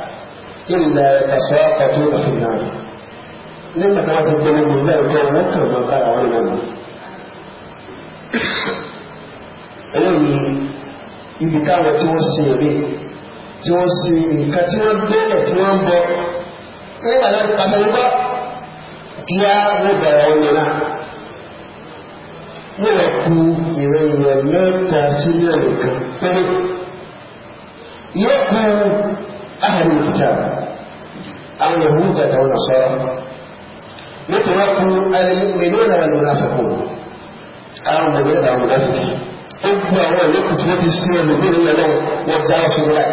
إلا الأسواق في النار لما كانت الدنيا من الله كان مكة ما قال عنا ẹlẹ́yìn ibi táwọn tí wọ́n sin ẹ̀mí tí wọ́n sin nǹkan tí wọ́n gbẹ́lẹ̀ tí wọ́n ń bọ nígbà tó ti pàtàkì bá kí á wọ́n bẹ̀rẹ̀ wọn yẹn náà wọ́n lọ ku ìrìn ìyẹn mẹ́ta sí mẹ́rin kan péré yóò ku ahàlù ìjà àwọn yahuda àtàwọn nasara nítorí kú alẹ́mìnira àwọn mùnàfẹ́kù àwọn mùnàfẹ́kù àwọn mùnàfẹ́kù ó gbọ́ àwọn ìlẹ́kùn tí wọ́n ti sí ẹlòmíràn náà wọ́n dá sí wọn láì.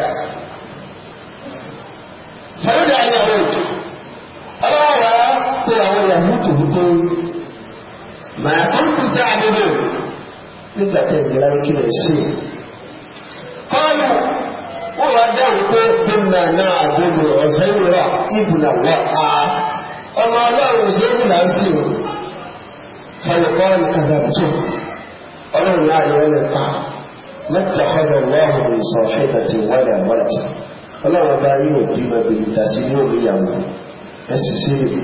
fẹ́rẹ́dà ayáwó ọlọ́wà pé àwọn yahudu wípé màá tó ń kúta àdúgbò nígbà tẹ̀ ìgbéláwé kílẹ̀ sí i. kọ́ọ̀lù wa dáhùn pé kúnnà náà àgbègbè ọ̀sẹ̀ ìrà ìbùnà wà á ọmọ ọlọ́run òṣèlú là ń sìn kọlùkọ́ ìkàdàbùtù ọlọ́run náà yọ ọ́ lè pa mẹ́tàkọ́dọ̀ lọ́hùn ní sọ̀hẹ́dà ti wọ́dà wọ́dà ọlọ́run bá yóò bí mẹ́bìrì dàsí ní òmìyàwó ẹ̀sì sí rẹ̀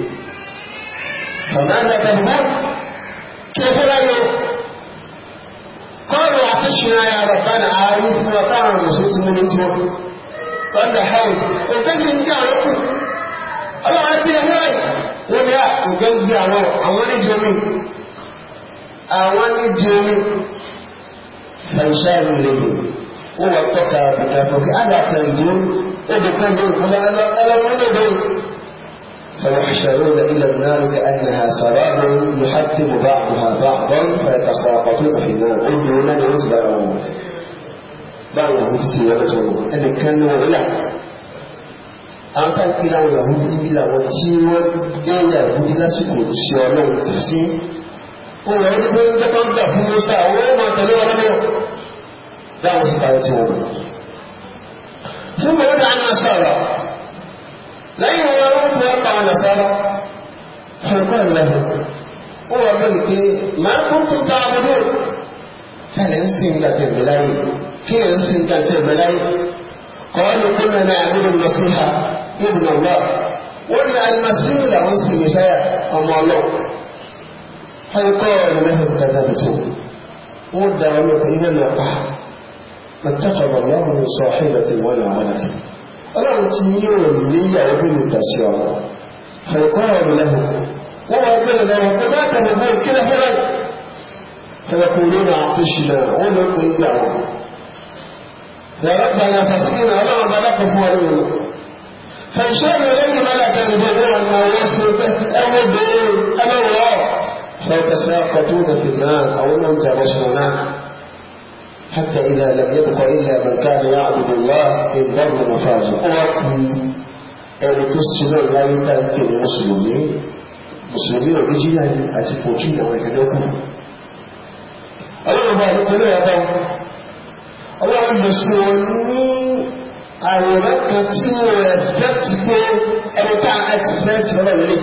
ọ̀nà àgbẹ̀bẹ̀ kí ẹgbẹ́ láyé kọ́ọ̀lù àtúnṣe ara bá nà àárín fún ọ̀tá àwọn òṣèlú ti mú ní tiwọn قال لا حول وبدل من جعل ربه الله عزيزي هنا ايه ولا وبدل من جعل ربه اواني جميل اواني فانسان لديه هو اتقى بكافوك انا اتنجون ادتنجون هم انا انا وانا فيحشرون الى النار كانها سراب يحتم بعضها بعضا فيتساقطون في النار ادعو لنا نزل báwọn yahoo ṣe wọlé tó wọn ẹnìkan ní wọlé àwọn tá a pè láwọn yahoo níbi làwọn tí wọn gbé yahoo ní lásìkò ṣe ọlọ́run tì sí wọn yàrá ní pé ń dọ́gba ń gbà fún musa àwọn ọmọ tẹ̀lé wọn lọ́wọ́ báwọn sì báwọn tí wọn wọ. fún mi ó dá àná sọ̀rọ̀ lẹ́yìn wọn ó fún ọ́ pa àná sọ̀rọ̀ ẹ̀kọ́ ìlẹ́yìn ó wà lórí pé màá kó tó ta àbúrò fẹ́lẹ̀ ń sìn gbàgbé láyé. كيف سنت الملائكة قالوا كنا نعبد المسيح ابن الله وإن المسيح له اسم مشاء أم الله فيقال لهم كذبتم ودى له إلى قحط ما اتخذ الله من صاحبة ولا ولد ọlọ́run ti لي òun التسيار فيقال bí وما كان ọmọ fẹ̀kọ́ من lẹ́nu wọ́n فيقولون عطشنا عمر kó bá ولما نفسينا لعب لكم فولون فانشروا لي ما لا تنبغوا عن مواسط أم الدين أم الله فيتساقطون في النار أو أنهم تبشرنا حتى إذا لم يبق إلا من كان يعبد الله إن ضر مفاجئ أن تسجدوا لا يبقى المسلمين مسلمين بجيان أتفوكين ويكدوكم أولا ما يقولوا يا ọlọ́run lè ṣe wọn ní àwòrán kan tí wọ́n expect pé ẹni tá a expect lọ́rọ̀ lé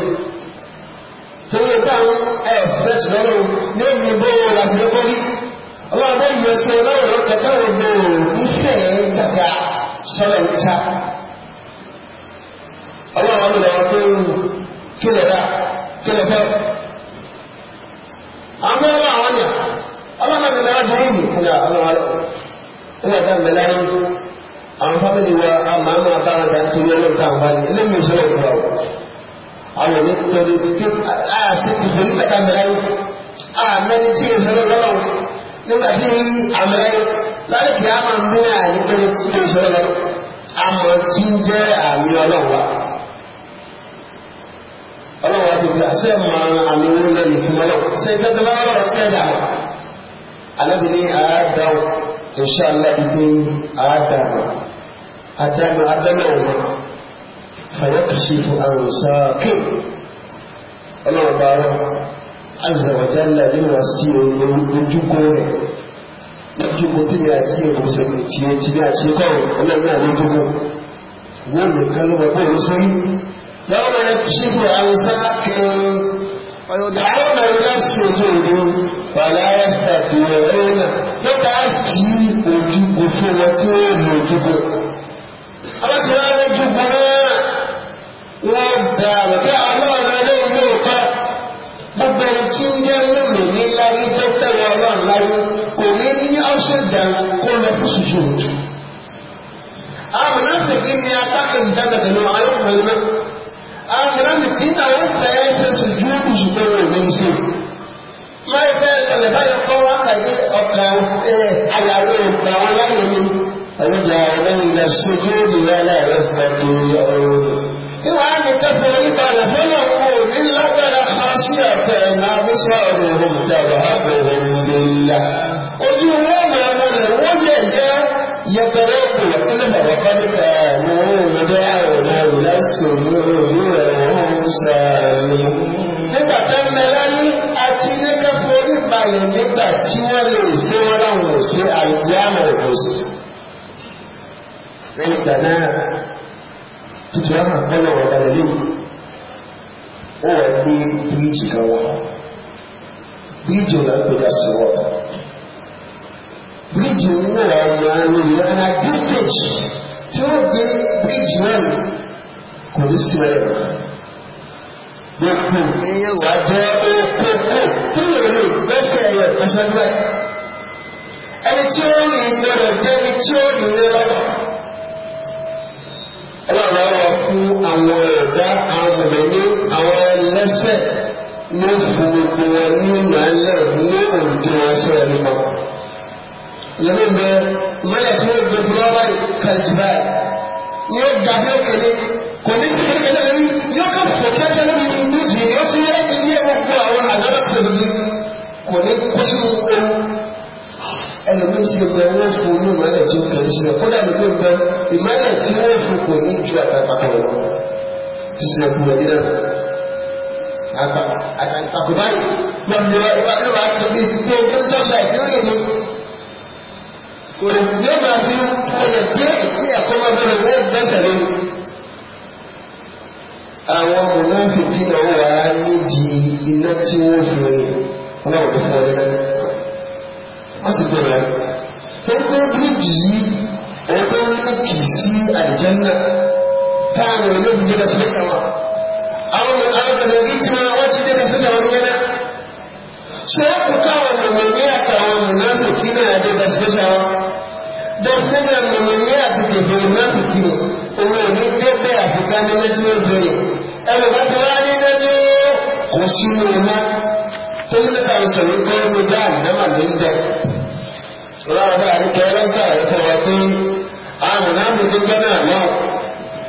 torí ẹ̀ka àwọn expect lọ́rọ̀ ní èmi bó o láti lè kọ́ rí ọlọ́run bẹ́ẹ̀ yẹ ṣe lọ́rọ̀ kẹta wo bò ó nífẹ̀ gàgà sọ́rọ̀ níta ọlọ́run lọ́wọ́ pé kílẹ̀ rà kílẹ̀ fẹ́ àwọn ọlọ́run àwọn yà ọlọ́run náà ní lára dùn ún yìí kúnlẹ̀ ọlọ́run nígbà tá mẹ́lá ń dún àwọn fámìlì wa a máa máa bá wọn dá torí ọlọ́run tá à ń bá ní eléyìí ò sọ̀rọ̀ fún wa o àwọn òní torí kí a sì ti fún nígbà tá mẹ́lá ń dún a mẹ́ni tí ò sọ̀rọ̀ lọ́wọ́ nígbà tí àmẹ́lá ń lálẹ́ kí a máa ń dún àyè mẹ́ni tí ò sọ̀rọ̀ lọ́wọ́ àmọ́ tí ń jẹ́ àmì ọlọ́run wa tó bí àṣẹ máa àmì owó lẹ́yìn fún ọlọ́wọ́ ṣe ìfẹ́ tó bá wọ́n rẹ̀ inshallah ibi àádàmà àdàmà àdàmà ọ̀nà fàyàkùsífù àrùn sáàkì ọlọ́ọ̀bá rẹ̀ azàwàjálà nínú àsí ojúgbó rẹ̀ lójúgbó tí a ti ẹ̀bùsẹ̀ tí ó ti bí a ti kọ́rọ̀ ọlọ́run àlójúgbó wọ́n nìkan ló wọ́pọ̀ ló sórí lọ́wọ́ rẹ̀ kùsífù àrùn sáàkì ọ̀yọ̀dà yẹ tí ó lò dúdú. Abáṣe wọn ló dúdú náà wọ́n dà wọ́pẹ́ ọlọ́run ló ń lò kọ́. Gbogbo ẹni tí ń jẹ́ lónìí ní láyé tó tẹ̀lé ọlọ́run láyé kò ní ní ọ̀ṣẹ̀ ìdàrú kó lọ fún ṣùṣù òjò. Àwọn mìíràn kì í ní apákè ìjọba ṣe máa ń fẹ́ ọ̀lẹ̀ báyọ̀ kọ́ wákàtí ọ̀kà àyàwó ìgbà wọn láyé ni ọlọ́dà ọ̀rẹ́ ìlà sojú ìlú aláìrẹ́ ìgbàgbé ọ̀rọ̀ òdò. ìwà ni kẹfẹ́ onípa rẹ̀ fọ́nà kò ní lágbára kan sí ọ̀fẹ́ náà bó sọ ọ̀rọ̀ òhun dàrọ̀ àbẹ̀rẹ̀ ìlú ojú wọn mọ̀ ọmọ rẹ̀ àwọn olùdó àwòrán ìlàsòmù òwúrẹ̀ wọn sàárẹ̀ nígbà tó ń bẹ àti nígbà balẹ̀ nígbà tí wọ́n lè ṣe wọ́n láwọn ò ṣe àlùjáàmù òkòsì. lẹ́yìn ìgbà náà tuntun yà máa bẹ́ẹ̀ lọ́wọ́ balẹ̀ léwu ó wà ní bíríìjì kan wá bíríìjì ò náà gbéra sí wọ́n. bíríìjì ń wọ̀ ọ́ máa ń lò yẹn at tí ó gbé bíríìjì náà kò ní sí wẹ́rẹ́ náà gbogbo ìyẹn wà jẹ́ òkòkò tí èrè gbẹ́sẹ̀ rẹ̀ pẹ̀sẹ̀gbẹ́ ẹni tí ó rí ìgbẹ̀rẹ̀ jẹ́ ni tí ó rí rẹ̀ lọ́wọ́ ọlọ́run ọ̀rọ̀ kú àwọn ẹ̀dá àwọn mẹ̀mí àwọn ẹlẹ́sẹ̀ ní fúnukú wọn ní ìmọ̀lẹ̀ ní òǹdí wọn sí ẹni mọ́ lẹ́nu bẹ mọ́lẹ̀ tí wọ́n gbé fún ọba kàjìbá ni ó ga bí kò ní sí kékeré lórí yóò kà fò kẹ́kẹ́ lórí kò ní kú sí owó ẹlòmíì ti gbẹ wọ́n fún ní ìmọ̀lẹ̀ tí ó kẹ̀ sílẹ̀ kódà ní pé gbẹ ìmọ̀lẹ̀ tí wọ́n fún kò ní ju àtàkùn lọ sísè kú ẹ̀dí náà àtàkùn báyìí lọ́mọdé wa ìwà ló wà á tó bí gbé tó ń tọ́sà ẹ̀ ó yẹ ní. kò lè yóò máa fi ọyẹ díẹ̀ tí ẹ̀kọ́ máa bẹ̀rẹ̀ wọ́n gbẹ́sẹ̀ lé. àwọn ọmọ náà fi bí náà wà á nídìí iná tí wọ́n fi rìn ọlọ́wọ́ fún ọ lẹ́lẹ́ wọ́n sì gbé rẹ̀ pẹ́pẹ́ bíríjì yìí ẹgbẹ́ wọn kì í sí àlìjẹ́nà táwọn olóògùn jẹ́ lọ́sí lẹ́sẹ̀ wọn àwọn ọ̀gbẹ̀rẹ̀ rí tí wọn wọ́n ti jẹ́ lọ́sí lẹ́sẹ̀ wọn yẹn ṣé ó kú káwọn ọmọ ní àtàwọn ọmọ náà kò kí náà dé lọ́sí lẹ́sẹ̀ wọn dọ́sílẹ̀ ọmọ ní àti kèfèrè náà kò kí ni òun ò ní dé bẹ́ẹ̀ àti ká ní lẹ́tí ó bẹ̀rẹ̀ ẹnì tó ń sẹ́ka ń sọ wípé mo dá àdìdámà ní ń dẹ. Ọlọ́run bá àríkẹ́ ọlọ́sà rẹ̀ fún wa pé àrùn náà mi gbígbẹ́ náà náà.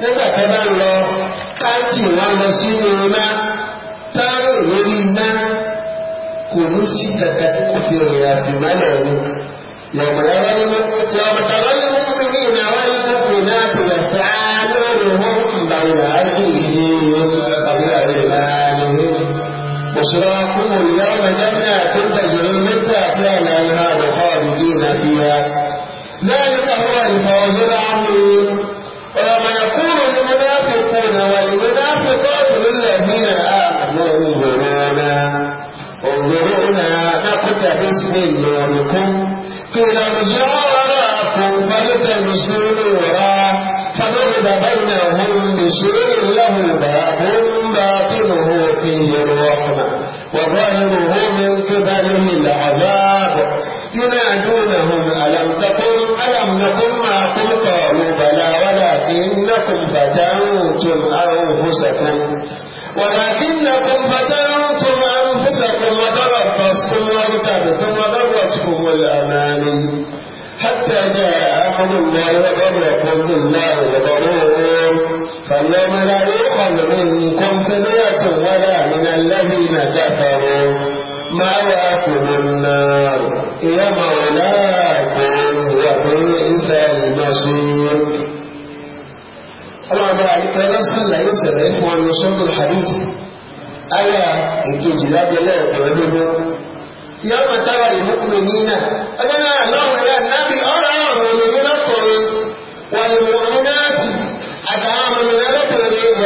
Nígbà tó bá ń lọ káàtì wọn lọ sínú iná táàrù lórí iná kò ní sí kàkà tí kò fi rìn àjò mọ́lẹ̀ ni. Yàgbọ̀n ni wọ́n ti ọmọ tàbá ní wọ́n fi ní ìnáwó ní kókò náà kò yà sáá lórí wọn ìbàwọ̀ àdìyẹ àbúrò àdìyẹ báyìí. Bùsùlọ́ اليوم جنات تجري من تحتها الأنهار خالدين فيها ذلك هو الفوز العظيم ويوم يقول المنافقون والمنافقات للذين آمنوا انظرونا انظرونا نقتبس من نوركم قيل ارجعوا وراءكم فلتمسوا نورا فبعد بينهم بسور له باب باطنه فيه الرحمه وظاهره من قبلهم العذاب ينادونهم ألم تكن ألم نكن معكم قالوا بلى ولكنكم فتنتم أنفسكم ولكنكم فتنتم أنفسكم وتربصتم وارتبتم وغرتكم الأمان حتى جاء أحد الله وغركم بالله الغرور فاليوم لا يؤمن كان منكم فدية ولا من الذين كفروا مأواكم النار هي مولاكم وبئس المصير الله بارك لنا صلى يسرح ونصوص الحديث على الكيجي لا بلا تعبدوا يوم ترى المؤمنين أنا اللهم يا النبي أرى المؤمنين والمؤمنات أتعلم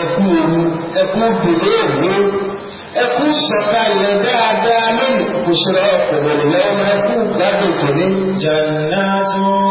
ẹkú ewu ẹkú bìlẹ́ẹ̀mí ẹkú sọ̀kalẹ̀ dáadáa lónìí kò ṣẹlẹ̀ ọ̀pọ̀lọpọ̀ lọ́wọ́ ẹkú gbádùn tòní. jannatu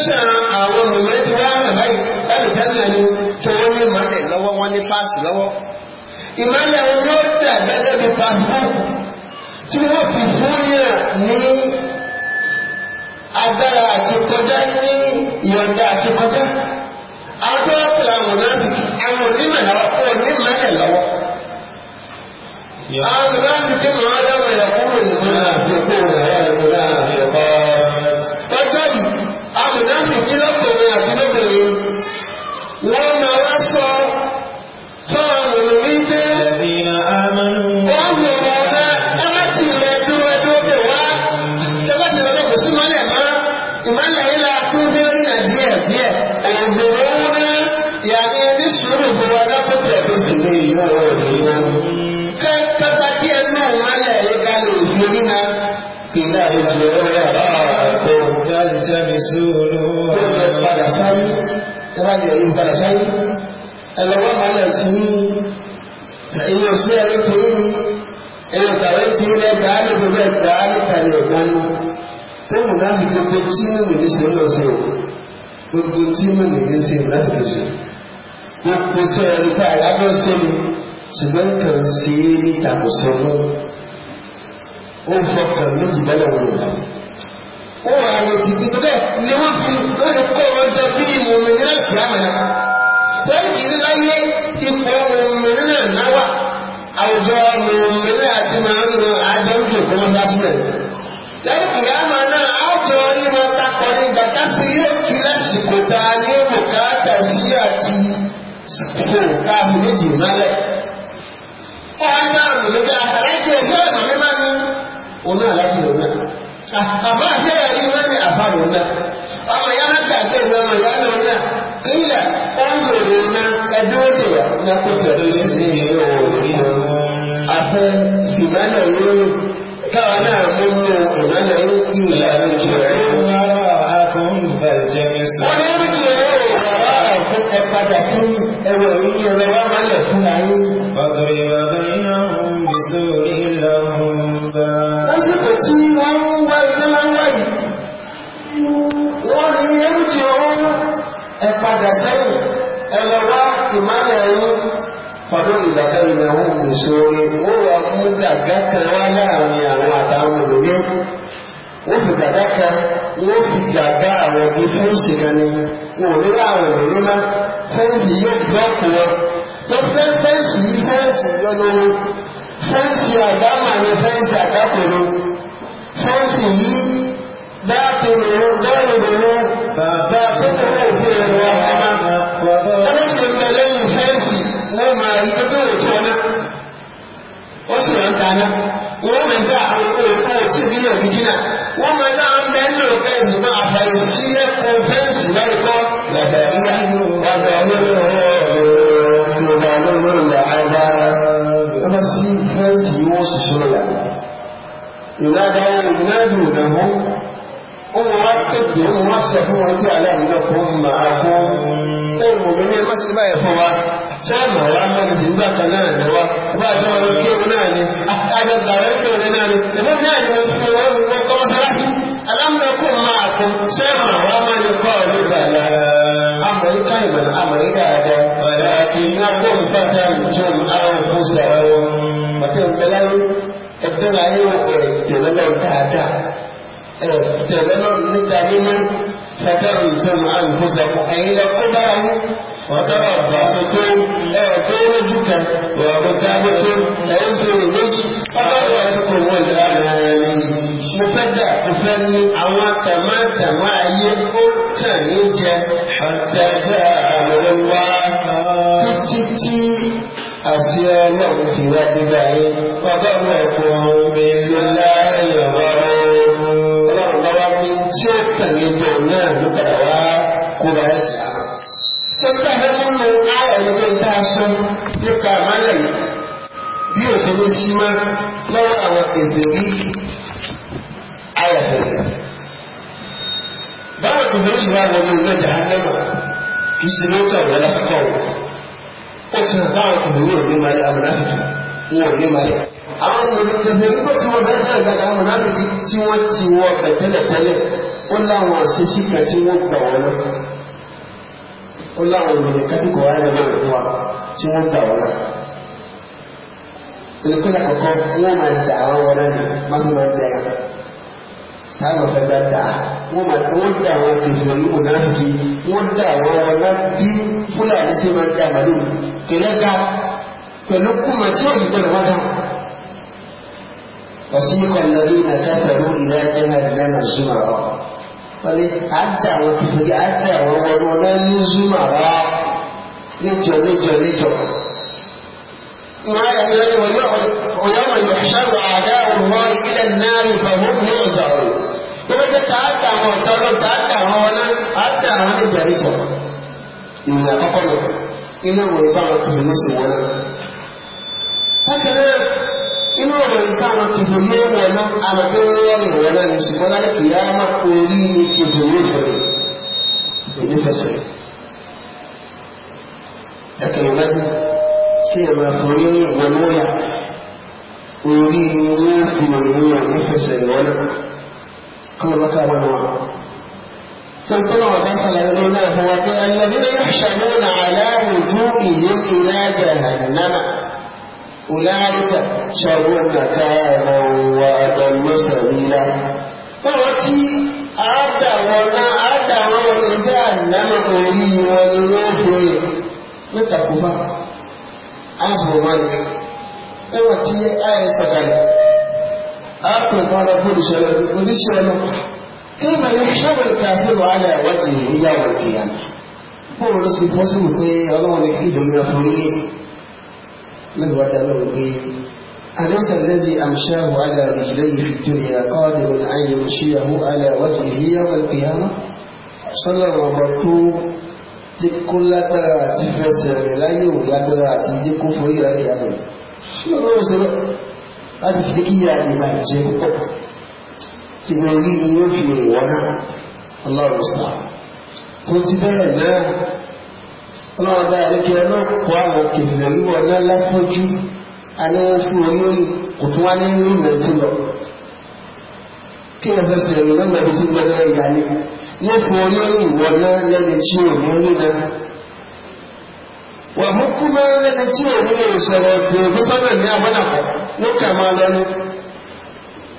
tẹ̀sán àwọn òwe ti wá hàn báyìí láti tẹ́lẹ̀ ni tó wọ́n ní ìmọ̀lẹ̀ lọ́wọ́ wọ́n ní fáàsì lọ́wọ́ ìmọ̀lẹ̀ wọn yóò dà gẹ́gẹ́ bí passport tí wọ́n fi fún yàn ní agbára àti kọjá ní ìyọ̀ǹda àti kọjá àwọn ọ̀pọ̀lọpọ̀ àwọn náà àwọn onímọ̀ lọ́wọ́ ìjọ yàrá àkó mi sóòrò padà sáyé tẹ́lájì ẹ̀yìn padà sáyé ẹlọ́wọ́ malẹ̀ tí ní ẹ̀yìn òṣèré ẹ̀rí tó ń ẹ̀yìn tàwé tí ó lẹ́gbàá ní gbogbo ẹ̀gbàá nítàlẹ̀ ọ̀gbánú tó mù náà fi gbogbo tí ó mù ní sí ọlọ́sẹ̀ gbogbo tí ìlànà gbogbo sọ ṣùgbọ́n kàn sí ní tàkùsọ̀ náà ó ń fọkàn méjì bọ́lá wọn lò láti. ó wà ní ti fi bẹ́ẹ̀ ni wọ́n fi lóye kó wọn jẹ bí ìmọ̀ omi ní láti àmà. lẹ́yìn ní láyé ipò omi náwà àwùjọ omi náà máa ń lo àjọ ń dùn kó wọn sílẹ̀. lẹ́yìn àmà náà àwùjọ ní wọn takọ̀ ní bàtà sí yóò kí lásìkò tá a ní òkúta sí àti fún káfí méjì mọ́lẹ̀. ọ̀nà àmì nígbà aláìsí wọn náà láti lọ náà ah, àbá àṣẹ ẹ̀rí wọn ní àbá lọ náà ọmọ ya haka àti ẹ̀rọ ọmọ ya lọ náà ilẹ̀ ọ̀nbẹ̀rẹ̀ náà ẹ̀dọ́ òde yà ní akókò tó ṣe sí ilé òòrùn afẹ́ ìmọ̀nà ìròyìn káwa náà mú mú ìmọ̀nà ìlànà ìjìnlẹ̀ wọ́n ní ẹ̀rọ ìjìnlẹ̀ wọ́n padà sí ẹ̀rọ ìjìnlẹ̀ wọ́n lẹ̀ fún ayé. fọdún ìgbà kan ilẹ̀ ohun ìṣòro ó wà mú gàgá kan wá láàrin àwọn àtàwọn òdòdó ó fi gàgá kan ó fi gàgá àwọn ọdún fẹ́ǹsì kan wọn ò ní láwọn òdòdó má fẹ́ǹsì yóò búlọ́ọ̀kù wọn wọ́n fẹ́ fẹ́ǹsì yìí fẹ́ǹsì yọnu fẹ́ǹsì àdámà ni fẹ́ǹsì àdákùnrin fẹ́ǹsì yìí dáàbò lòun dáàbò lòun dáàbò lòun. kaná wọ́n mẹ́ dá àkókò ẹ̀kọ́ tí ní wọ́n mẹ́ dá ń bẹ́ ní ọ̀fẹ́ àfàyè sí ẹ̀kọ́ fẹ́ǹsì láìkọ́ làbẹ̀ríyà làbẹ̀ríyà làbẹ̀ríyà sáàmù ọ̀wá mẹ́rin sí nígbà kan náà lẹ́wà bá a jọ ọ̀rọ̀ kéwù náà ni àjọ gbàrẹ́ kéwù náà ni ẹ̀fọ́ náà ni mo fi wọ́n mi wọ́n kọ́ mọ́sálásí alámúnákù máa kún sáàmù ọ̀wá máa ní kọ́ ọ̀rọ̀ nígbà lára amẹ́ríkà ìmọ̀ amẹ́ríkà àdá ọ̀rẹ́ àti nàkó nfàtà nìjọ́n àwọn òkúsà ọ̀rọ̀ mọ̀tẹ́ ìpẹ́láyé àwọn òkúsà وتربصتم أعطون بك ومتابتم أنزل إليك فقرأتكم والأعلاني مفدع مفني أو كما تمعي أتنج حتى جاء أمر الله تتتي أسيا الله في وقت بعيد وقرأكم بالله الرحمن sọ́kà ẹ̀rọ mọ ayẹyẹ tá a sọ nípa àmàlẹ̀ bí òṣèlú sí máa lọ́wọ́ àwọn èdè rí ayẹyẹ. báwo tó bẹ̀rẹ̀ sọ̀rọ̀ àwọn ọmọ ìlú ẹ̀dá lẹ́mọ̀ kì í ṣe lóòótọ́ àwọn aláṣọ ó ti hàn báwọn tó bẹ̀rẹ̀ òní malẹ̀ àwọn aláṣọ wọn òní malẹ̀. àwọn ìgbèbè nígbà tí wọ́n bẹ̀rẹ̀ gbàgbà àwọn aláṣọ tí wọ́n ti wọ bẹ̀tẹ́lẹ̀tẹ́lẹ̀ ó láwọn àṣeṣí kan tí wọ́n gbà wọn náà ó láwọn ènìyàn kẹ́kọ̀ọ́ ayé náà fún wa tí wọ́n gbà wọ́n náà ìpínlẹ̀ kọ̀ọ̀kan wọ́n máa dà àwọn wọn náà wọ́n sì máa dà yẹn táwọn fẹ́ bá dà wọ́n máa wọ́n dà àwọn kẹfìrì yìí wọ́n náà fi wọ́n dà àwọn wọn náà bí fúlàní sì máa dà màlúù kẹlẹ́ ga pẹ̀lú kùmà tí ó sì gbọ́dọ̀ wọ́n dà. وسيق الذين كفروا إلى جهنم زمرا wọ́n ní àdá àwọn fífi àdá àwọn ọmọ ẹni wọn náà ní zuma wá níjọ níjọ níjọ. máa yàtọ̀ ní wọn yóò wọ́n yóò ṣàrò àdá òwúrọ̀ ilẹ̀ náà ní ìfọwọ́ ní ọ̀zà òru. wọ́n jẹ́ ká àdá àwọn ọ̀tá ló ta àdá àwọn ọ̀nà àdá àwọn níjọ níjọ. ìrìn àkọ́kọ́ lọ inú ìwé ìbámu tó fi ní sèwọ́n náà. inú ìròyìn táwọn kìdòrí wọn náà àmọ̀tẹ́wọ́n ní wọn náà ní ṣùgbọ́n láti kìí á máa kó orí ní kìdòrí fẹ̀rẹ̀ kìdòrí fẹsẹ̀ ẹ̀kẹ̀rẹ̀ láti kí ẹ̀ máa forí ní ìwọ̀n lóyà orí ní wọ́n fi òní wọn ní fẹsẹ̀ wọn náà kọ́ lọ́kà wọn wọn. فالقرى وفصل لنا هو الذين يحشرون على وجوههم إلى جهنم أولئك شر مكانا وأضل سبيلا Báwọn tí àádáwọn náà àádáwọn ìjẹ́ àdámà orí wọn ni wọ́n fèrè mẹ́ta kò bá aṣòwò ní ẹwọ̀n tí ayẹ sọ̀kalẹ̀. Àápẹ̀kọ́ ọ̀rọ̀ fòdìṣẹ́ lọ́dún, fòdìṣẹ́ lọ́dún. Kí ni من وداه به أليس الذي أمشاه على رجليه في الدنيا قادر أن يمشيه على وجهه يوم القيامة صلى الله عليه وسلم كل لبرة فسر لا يو لبرة تدك في رأيه ما هو سر هذا في كي يعلم جيبه تقولي يوفي وانا الله المستعان كنت بين الله ọlọ́run bá ẹlẹ́kẹ́ ọlọ́pọ̀ àwọn kìnnìyàn yíwọ náà láfọ́jú aníwọ́ fún olórí kò tún wá ní ìrìnà tí lọ kí ẹ fẹ́ sọ̀rọ̀ ìlú lọ́gbà bí ti gbọ́dọ̀ ìyá ni ní fún olórí ìwọ náà lẹ́ni tí ò ní rí náà wà mú kú náà lẹ́ni tí ò ní lè sọ̀rọ̀ ìgbòho sọ́dọ̀ ní àbọ̀dàpọ̀ ló kà máa lọ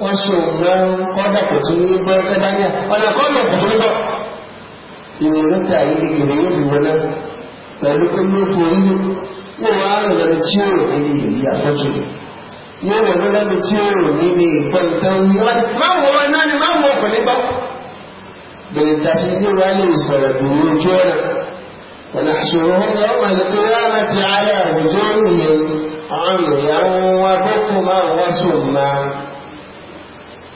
wọ́n ṣe òun náà kọ́dà kò tún ní ní gbọ́ pẹ̀lú pé ní forí ní wọ́n wá lọ́dọ̀ tí ó rò nínú ìrírí àfọ́jú wọ́n wọ̀ lọ́dọ̀ tí ó rò nínú ìgbọ́n tán ní wọ́n máa wọ ọ náà ni máa wọ ọkọ̀ nígbà bẹ̀rẹ̀ tàṣí ní wà lè sọ̀rọ̀ dùn ojú ọ̀nà wọn àṣòro wọn lọ wà ní pé wọ́n ti àárẹ̀ àwùjọ ìyẹn àwọn ìyàwó wa bọ́kù máa wọ́n sùn máa.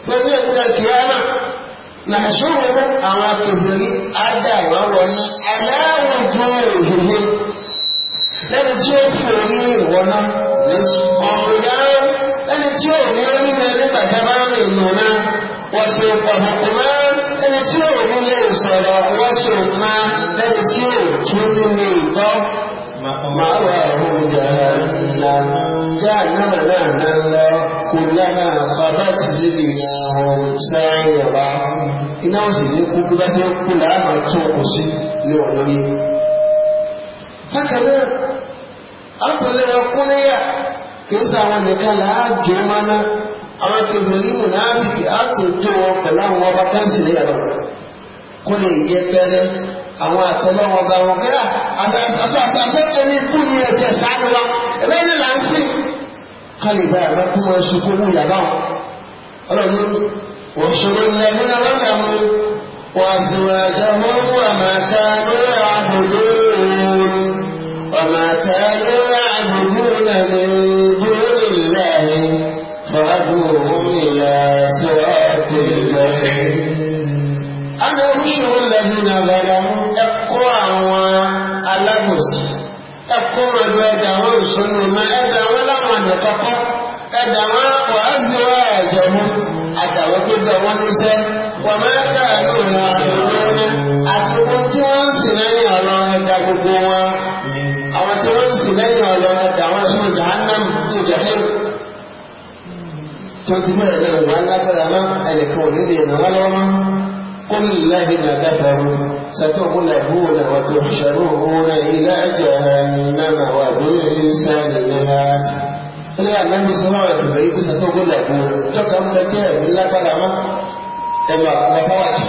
Bẹ́ẹ̀ni ẹ̀kú nàṣọ́rọ̀ àwọn akẹ̀bẹ̀rí àdàwà wọnú aláwọ̀jọ́ ìhìlẹ̀ lẹ́ni tí ó fò ní ìwọ̀nà ọ̀rọ̀yá ẹni tí ó ní orí mẹ́rin bàtàbá ìmọ̀nà wọ́n ṣe pọ̀pọ̀ máa ẹni tí ó ní lè sọ̀rọ̀ wọ́n ṣe máa lẹ́ni tí ó tún ní lè gbọ́ máa wà ọ̀rọ̀ كلما خبت زدناهم سعيرا iná òsì ní kú bí bá ṣe ń kú láàmà tó kù sí ní ọ̀rọ̀ yìí bákan náà àtúnlẹ̀wọ̀ kúnlẹ̀yà kì í sàwọn nìkan láàjò mọ́ná àwọn kèbìrì mùnáfíkì àtúntò ni wa kálíbà ẹ̀rọ máa sunkún owó yàrá wọn ọlọ́run òṣèré lẹ́yìn ọlọ́run àwọn wàzùwàjà wọn mú àmàta lórí àbùdó àmàta lórí àbùdó nàní lórí lẹ́yìn fàdù òmìnira síwájú lẹ́yìn. àwọn òṣèré lẹ́yìn ọlọ́run ẹ̀kọ́ àwọn alágbòsí ẹ̀kọ́ ọ̀dọ́ ẹ̀dá wọn ìṣúná ẹ̀dá wọn àwọn àmì kọ́kọ́ ẹ̀dà wọn pọ̀ ẹ́sì wọ́n ẹ̀jẹ̀ mú àtàwọn gbogbo wọn níṣẹ́ wọ́n máa ń kà lóòrùn àtòlóòrùn àti ohun tí wọ́n ń sì lẹ́yìn ọ̀rọ̀ ẹ̀dà gbogbo wọn àwọn tí wọ́n ń sì lẹ́yìn ọ̀rọ̀ ẹ̀dà wọn sún jahannam ní jahil tó ti bẹ̀rẹ̀ náà wọ́n lágbára mọ́ ẹnìkan ò ní lè ràn wọ́n lọ́wọ́ mọ́ قل الذين كفروا ستغلبون وتحشرون إلى جهنم وبئس المهاد ilé ànábi sọ́nà rẹ̀ bẹ̀rẹ̀ ikú sẹ́tọ́ gbọ́dọ̀ kú tọ́ka ń bẹ́tẹ́ ẹ̀mí lágbára mọ́ ẹ̀mà bàbáwà jù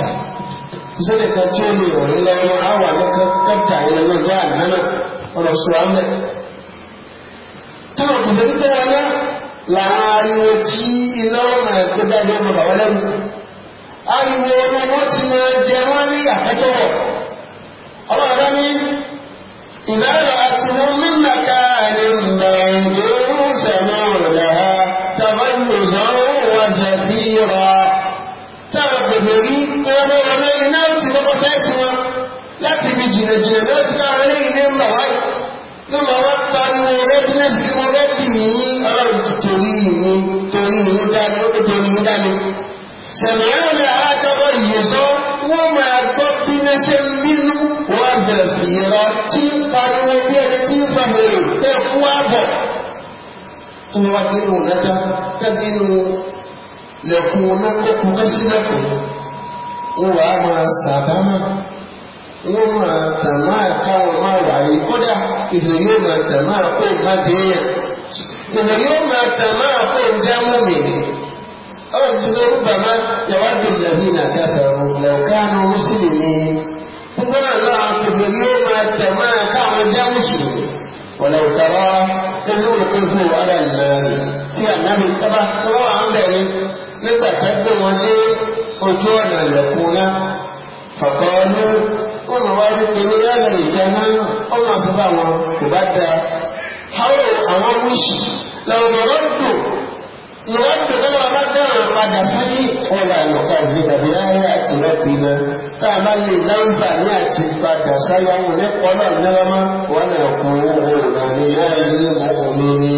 ìṣẹ̀lẹ̀ kan tí ó lè wọ̀ ní lọ́wọ́ àwà lọ́kọ́ kọ́ta yẹn lọ jẹ́ àdánà ọ̀rọ̀ sọ̀rọ̀ mẹ́. táwọn kùdẹ́ nípa wọn náà làwọn ariwo tí iná ọ̀nà ẹ̀kọ́ dájú ọmọ bàbá lẹ́nu. ariwo ọmọ wọn ti máa jẹ wọn ní àkọ́tọ̀wọ̀ ọlọ́run ló máa wá pariwo rẹ́dínẹ́sì tí wọ́n rẹ́dì ní ọlọ́run ti torí ìlú torí ìlú dání ó torí ìlú dání. sẹ̀mìíràn ní alájọ́bọ̀ ìyẹ̀sọ́ wọ́n máa gbọ́ bí wọ́n ṣe wọ́n bẹ̀rẹ̀ sí i tí ń pariwo bí ẹni tí ń fàmìlì tẹ̀ fún ààbọ̀. tó wá dé ìwọ̀n lẹ́jọ́ tẹ́bí inú lẹ̀kùn onákókò kẹ́sílẹ̀kùn wọ́n wàá máa sàbámà wọ́n máa tàn máa káwọn máa wáyé kódà ìdùnnú yóò máa tàn máa kó má déyàn ìdùnnú yóò máa tàn máa kó já mú mi ni. ọ̀rọ̀ ti lọ rúbà má yàwádìí nàbí nàkàtà lọ́kàánú mùsùlùmí. nígbà náà lọ́wọ́ ìdùnnú yóò máa tàn máa káwọn já mùsùlùmí. wọ̀lẹ̀ òkàrà ẹni olùkọ́ fún wàhálà ìlànà tí ànábi tábà tọ́wọ́ à bẹ̀rẹ̀ nígbà tá wọn dé ojú ọ̀nà ìlẹ̀kùn náà. fàkọ́ọ́lù wọ́n mọ̀ wá wípé ní yálà ìjẹun ọmọ àṣọba àwọn kò bá dáa káwọn àwọn wíṣì làwọn ọ̀rọ̀ ń dùn ìwà ń dùn kọ́nà bá dáhùn padà sáyé ọ̀rọ̀ àyọ̀ká ìdí tàbí láyé àti rẹ́pì iná tá a bá lè láǹfà ní àti padà sáyé àwọn onípọ̀ náà lẹ́wọ́mọ́ wọn náà kún owó ìlànà ìyá ìlú ọ̀hún ní.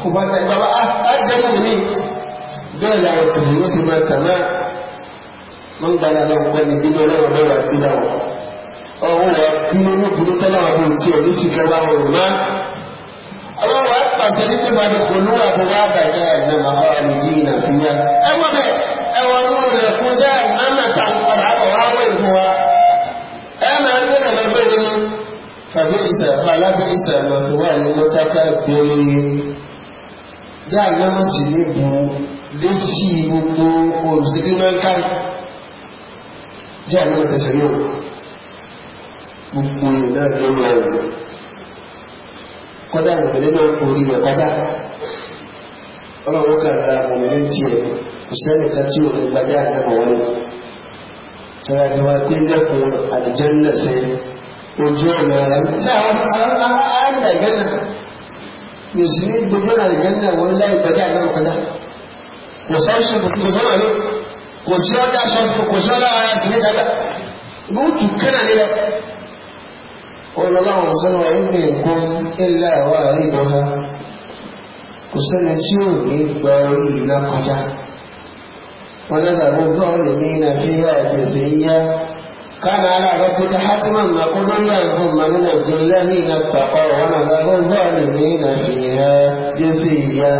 kò bá dáa ìgbà wa á jẹ́ mọ̀ mí bẹ́ẹ̀ làwọn kìnìún sì máa tàn wọ́n gba dáadáa ọ̀pọ̀ ẹni bínú ọlọ́wọ́ bẹ́ẹ̀ wá bínú àwọn ọ̀hún wà bínú ní bínú tọ́láwọ́ bó ti ẹ̀ ní fìkẹ́ wá wọn rò máa. àwọn wà pàṣẹ ní wà bàjẹ́ wà ní jí fi yá. ẹ wọ́n bẹ̀ ẹ wọ́n mú rẹ̀ kún jẹ́ mọ́nà tá a ń padà bọ̀ wá wọ̀ ìfún wa. ẹ máa gbé nàlọ́ bẹ́ẹ̀ fàbí jẹ́ àwọn ẹ̀sẹ̀ yóò gbogbo ìrìnà ló ń rọrùn kọ́dá ìrìnà náà kò rí rẹ̀ kọ́dá ọlọ́run kàrà òmìnir tí ẹ̀ kò sẹ́lẹ̀ ká tí òun gbajá àdáwọ̀ wọn tẹ́lá ti wá pé lẹ́kùn àdìjẹ́ kò sí ọjà sọ fún kò sí ọjà ara sì ní dábẹ́ bóòtù kánà nílẹ̀ olùlọ́wọ́ sọ́nà ẹ̀mí nǹkan ilẹ̀ ẹ̀wà ìdọ́gba kò sẹ́ni tí ò ní gba orí iná kọjá wọn lọ́dà gbogbo ọ̀rẹ́ mi nà fi yá ẹ̀dẹ̀sẹ̀ yíyá كان على ربك حتما مقضيا ثم ننجي الذين اتقوا ونذر الظالمين فيها جثيا.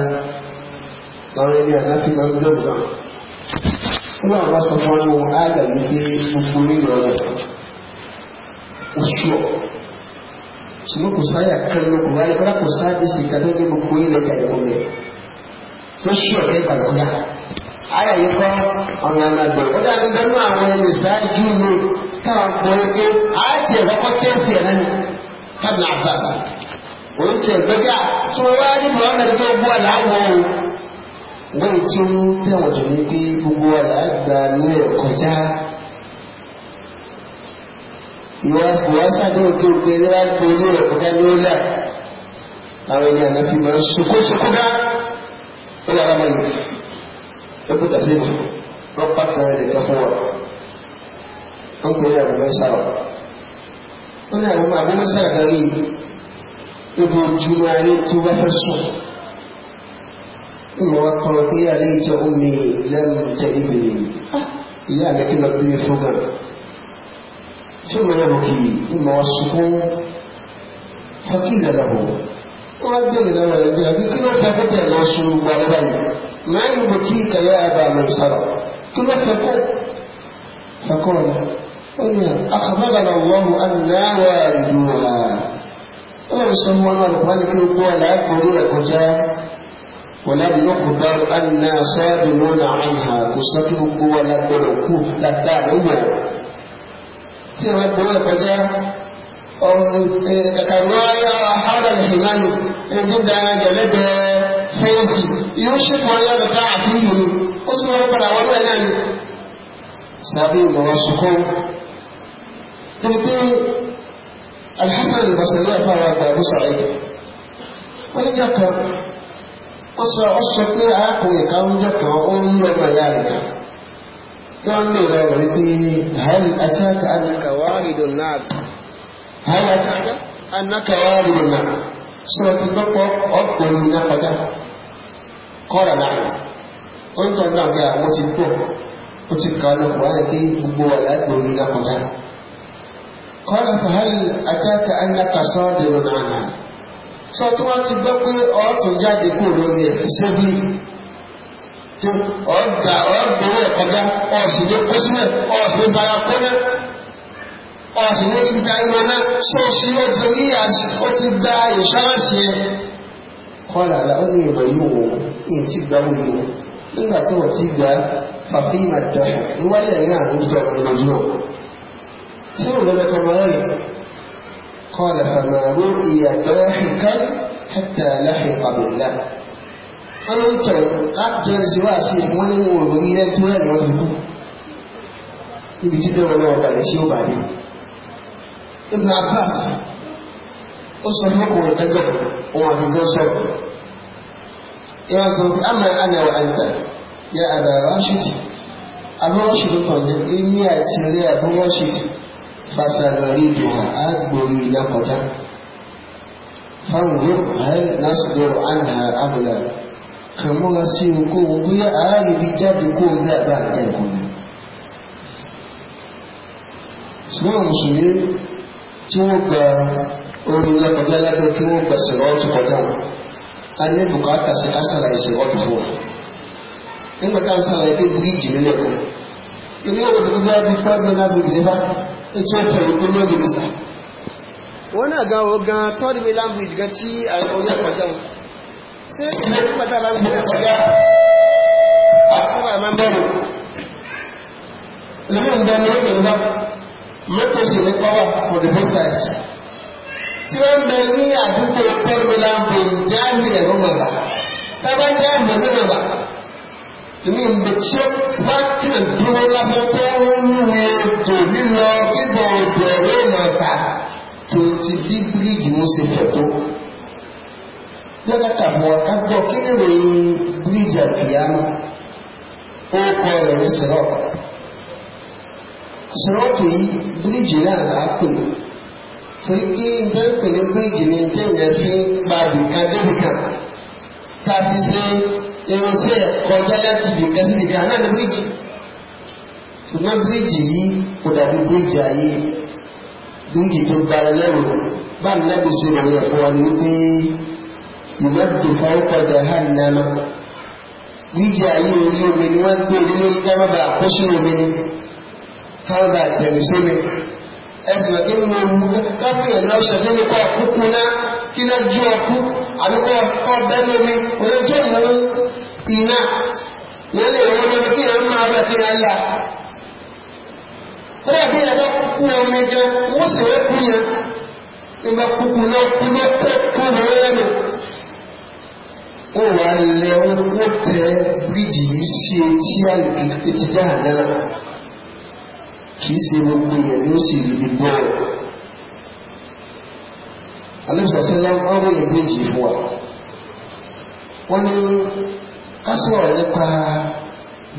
قال يا نفي من دون ọlọ́run bá sọ fún ọ wọn ága ní pé gbogbo nínú ọ̀rọ̀ oṣù ọ̀ ṣùgbọ́n kò sáyà kan ló kò wáyé kọ́lá kò sáà dé sí ìkàtọ́ ní gbogbo nínú ọjà ìwọ̀n rẹ̀ lóṣù ọ̀kẹ́ ìgbàlódà ayà yìí kọ́ ọ̀nà àgbẹ̀ kọ́dà nígbà náà àwọn ẹni sáájú ní káwọn kọ́ pé àti ẹ̀rọ́kọ́ tẹ́sí ẹ̀ lẹ́nu kábìlà àbáṣà òun ti ẹ̀gbẹ́gà tí wọ́n wá ní bọ̀ọ́nà tó gbọ́ àlàáwọ̀ lẹ́yìn tí ó tẹ̀wọ̀n jù ní pé gbogbo ọ̀là gba ní ẹ̀ kọjá ìwọ́sàdé òkè òkè rẹ̀ gbé ní ẹ̀ kọjá ní ọ̀là àwọn ènìyàn náà fi máa ń sunkún sunkún dá ó yàrá mọ́ yìí ó kú tàbí ìbò wọ́n pàtó rẹ̀ kan fún wọn ó pè é àbúrò sáà ó ní àwọn àbúrò sáà ibi ojúmọ́ ayé tí wọ́n fẹ́ sùn mo wá kọ́ pé alẹ́ ìjọ omi lẹ́nu jẹ́ ibi ìyá mi kí lọ bí mi fún gan fún mi náà kì í mo wá sunkún fakí ìlànà bò wọ́n á gbé ìlànà rẹ̀ bí i kí ló fẹ́ kó lọ sun gbogbo alẹ́ báyìí máa ń bò kí ìkàyà àbá mi sọ̀rọ̀ kí ló fẹ́ kó fakọ́ rẹ̀ ó yẹ àkàbàgànà wọ́n àná wà ìdúrà ولم يقدر أن صادمون عنها قصته ولا الوقوف للدعوة سوى الدولة بجاء كالراية أحد الحمال عند جلد فيسي يوشك ولا بتاع فيه اسمه ربنا ولا نعم سابي موسخون تبدي الحسن البصري فهو أبو سعيد وإن يقرأ ó sọ ọ sọ pé arákùnrin kan ń jọ kan ó ń yí ọmọ ìyá rẹ̀ kan tí wọ́n lè rẹ̀ wọ̀ wípé hàlì àtàkà ànàkà wàhálìdùn náà hàlì àtàkà ànàkà wàhálìdùn náà sọ ti gbọ́pọ̀ ọkùnrin náà kọjá kọ́ra náà ó ń tọ́jú àwọn àwọn ti pọ̀ ó ti kà lọ́pọ̀ wáyé pé gbogbo wà lágbóyè náà kọjá kọ́ra fàhálì àtàkà ànàkà sọ́ọ́dì náà sọ tó wá ti gbọ́ pé ọ̀ọ́tò jáde kúrò lórí ẹ̀ ṣébi tó ọ̀ọ́dà ọ̀ọ́dòwò ẹ̀ kọjá ọ̀ọ́sì ló kó sílẹ̀ ọ̀ọ́sì ló bára kọ́lẹ̀ ọ̀ọ́sì ló ti da irun náà ṣóòṣì ló ti ó ti gba ìṣọ́ọ̀ṣì ẹ̀ kọ́lá la ó ní ìmọ̀ yìí wò ó ní ti gba wò yìí nígbà tí wọ́n ti gba fàfin ìmọ̀ dọ̀ọ̀ ìwálẹ̀ ní àwọn ìjọba ìlú náà tí ò lọ́lọ́kọ̀ mọ́ lọ́yẹ̀ قال فما رؤي ضاحكا حتى لحق بالله أنا أنت أبدأ سواسي وأنا أريد أن تولى وأنا ibi tí bẹ́ẹ̀ lọ́wọ́ balẹ̀ sí ó bà ní. Ibn Abbas ó sọ fún ọkùnrin dẹ́gbẹ̀ òun àdúgbò sọ̀rọ̀. Ìyá sọ pé àmà àná wà ń tà yá àbá Rashid. Àbúrò Rashid kan ní èmi àti ilé àbúrò Rashid. فسنريدها أدبر لقدا فانظر هل نصبر عنها أم لا كما سيكون بيا آل بجدكم لا بعدكم tidak mùsùlùmí tí wọ́n gba cuba orang lábẹ́ kí wọ́n gba sèrọ́ọ̀tù kọjá wọn a ní bùkátà sí kásàlà ìsèrọ́ọ̀tù fún wọn nígbà tá a sàlàyé pé bíríìjì nílẹ̀ kan ilé ìwòsàn tó ìtọ́pọ̀ ìpínlẹ̀ òdìmísà wọ́n náà gan ọ̀gán third way language gan tí orí ẹ̀kọ́já wọn ṣé ìlú pátá bá ń gbé ẹ̀kọ́já àtúwà máa ń bẹ̀rù lẹ́mọ̀ ń dẹnu ó lọ́wọ́ mọ́tò sì ní pọ́wọ́ for the process tí wọ́n bẹ ní àdúgbò third way language jáàmì ẹ̀rọ mọ̀lá tábà jáàmì ẹ̀rọ mọ̀lá ní mbẹ̀tsẹ́ wákìlẹ̀ dúró lásán tó ń wúwo tó lílọ bíbọ̀ ọ̀dọ̀ ẹ̀rọ ìmọ̀ta tó ti bí bíríìjì ń ṣe fẹ̀ tó. Lọ́kàtà mọ̀ ká gbọ́ kí ni ìròyìn bíríìjì àpìyánu ó kọ rẹ̀ ní sirọ́ọ̀pù. Sirọ́ọ̀pù yìí bíríìjì náà là á pè torí pé bẹ́ẹ̀ pè ní bíríìjì ni téèyàn fi gba àbìkan débìkan tàbí ṣe E kọjá láti ibì kan sí ibì kan náà ní bíríìjì ṣùgbọ́n bíríìjì yìí kò dàbí bíríìjì ayé bíríìjì tó gba ẹlẹ́rù báyìí láti ṣe ìròyìn ẹ̀fọ́ wa ní pé ìmọ̀tò fáwọ́kọ̀dà hàn náà ayé orí omi ni wọ́n gbé omi ni ẹ̀sìn ọ̀kẹ́ omi nípa kí náà ọkú àbíkọ́ lómi òun Tina, yẹn lè wọ́n lórí kí yẹn máa bẹ̀ kí yẹn là. Kọ́lá bí yẹn bá kú náà mi jẹ, wọ́n sì rẹ̀ kú yẹn. Ìgbà kúkú náà kú ní pẹ́ kú náà yẹn nù. Ó wà lẹ wọ́n tẹ bíríìjì yìí ṣe tí àlùkìkì tètè já àná. Kì í ṣe gbogbo yẹn ló sì rí bí gbọ́. Àlùsàsílẹ̀ ọ̀rọ̀ ìgbéjì fún wa. Wọ́n ní ká sọ̀rọ̀ nípa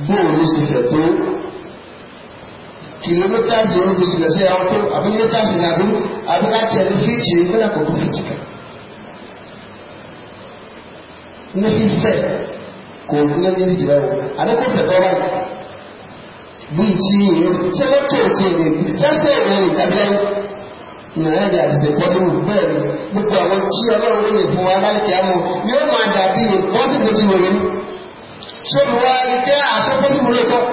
bóòlù ṣe fẹ̀ tó kìlómítàsì ó fi jìnà sí àwọn tó àbí mítàsì ní àbí àbí láti ẹni fíìtì nígbà kò tó fíìtì kan ní fífẹ̀ kò ní ní fíìtì báwo àdékò fẹ̀ tọ́ báyìí bíi tí sẹ́lẹ̀ tó ti rè jásẹ̀ rè ìdábíyá ìrìnàjò àti ìpọ́síwò bẹ́ẹ̀ ni gbogbo àwọn tí ọlọ́run lè fún wa láti àmọ́ yóò máa dàbí ìpọ́síwò tí wọ́n rí sọ́mùwá ìjẹ́ àsọ́pọ́tù múlò tọ́.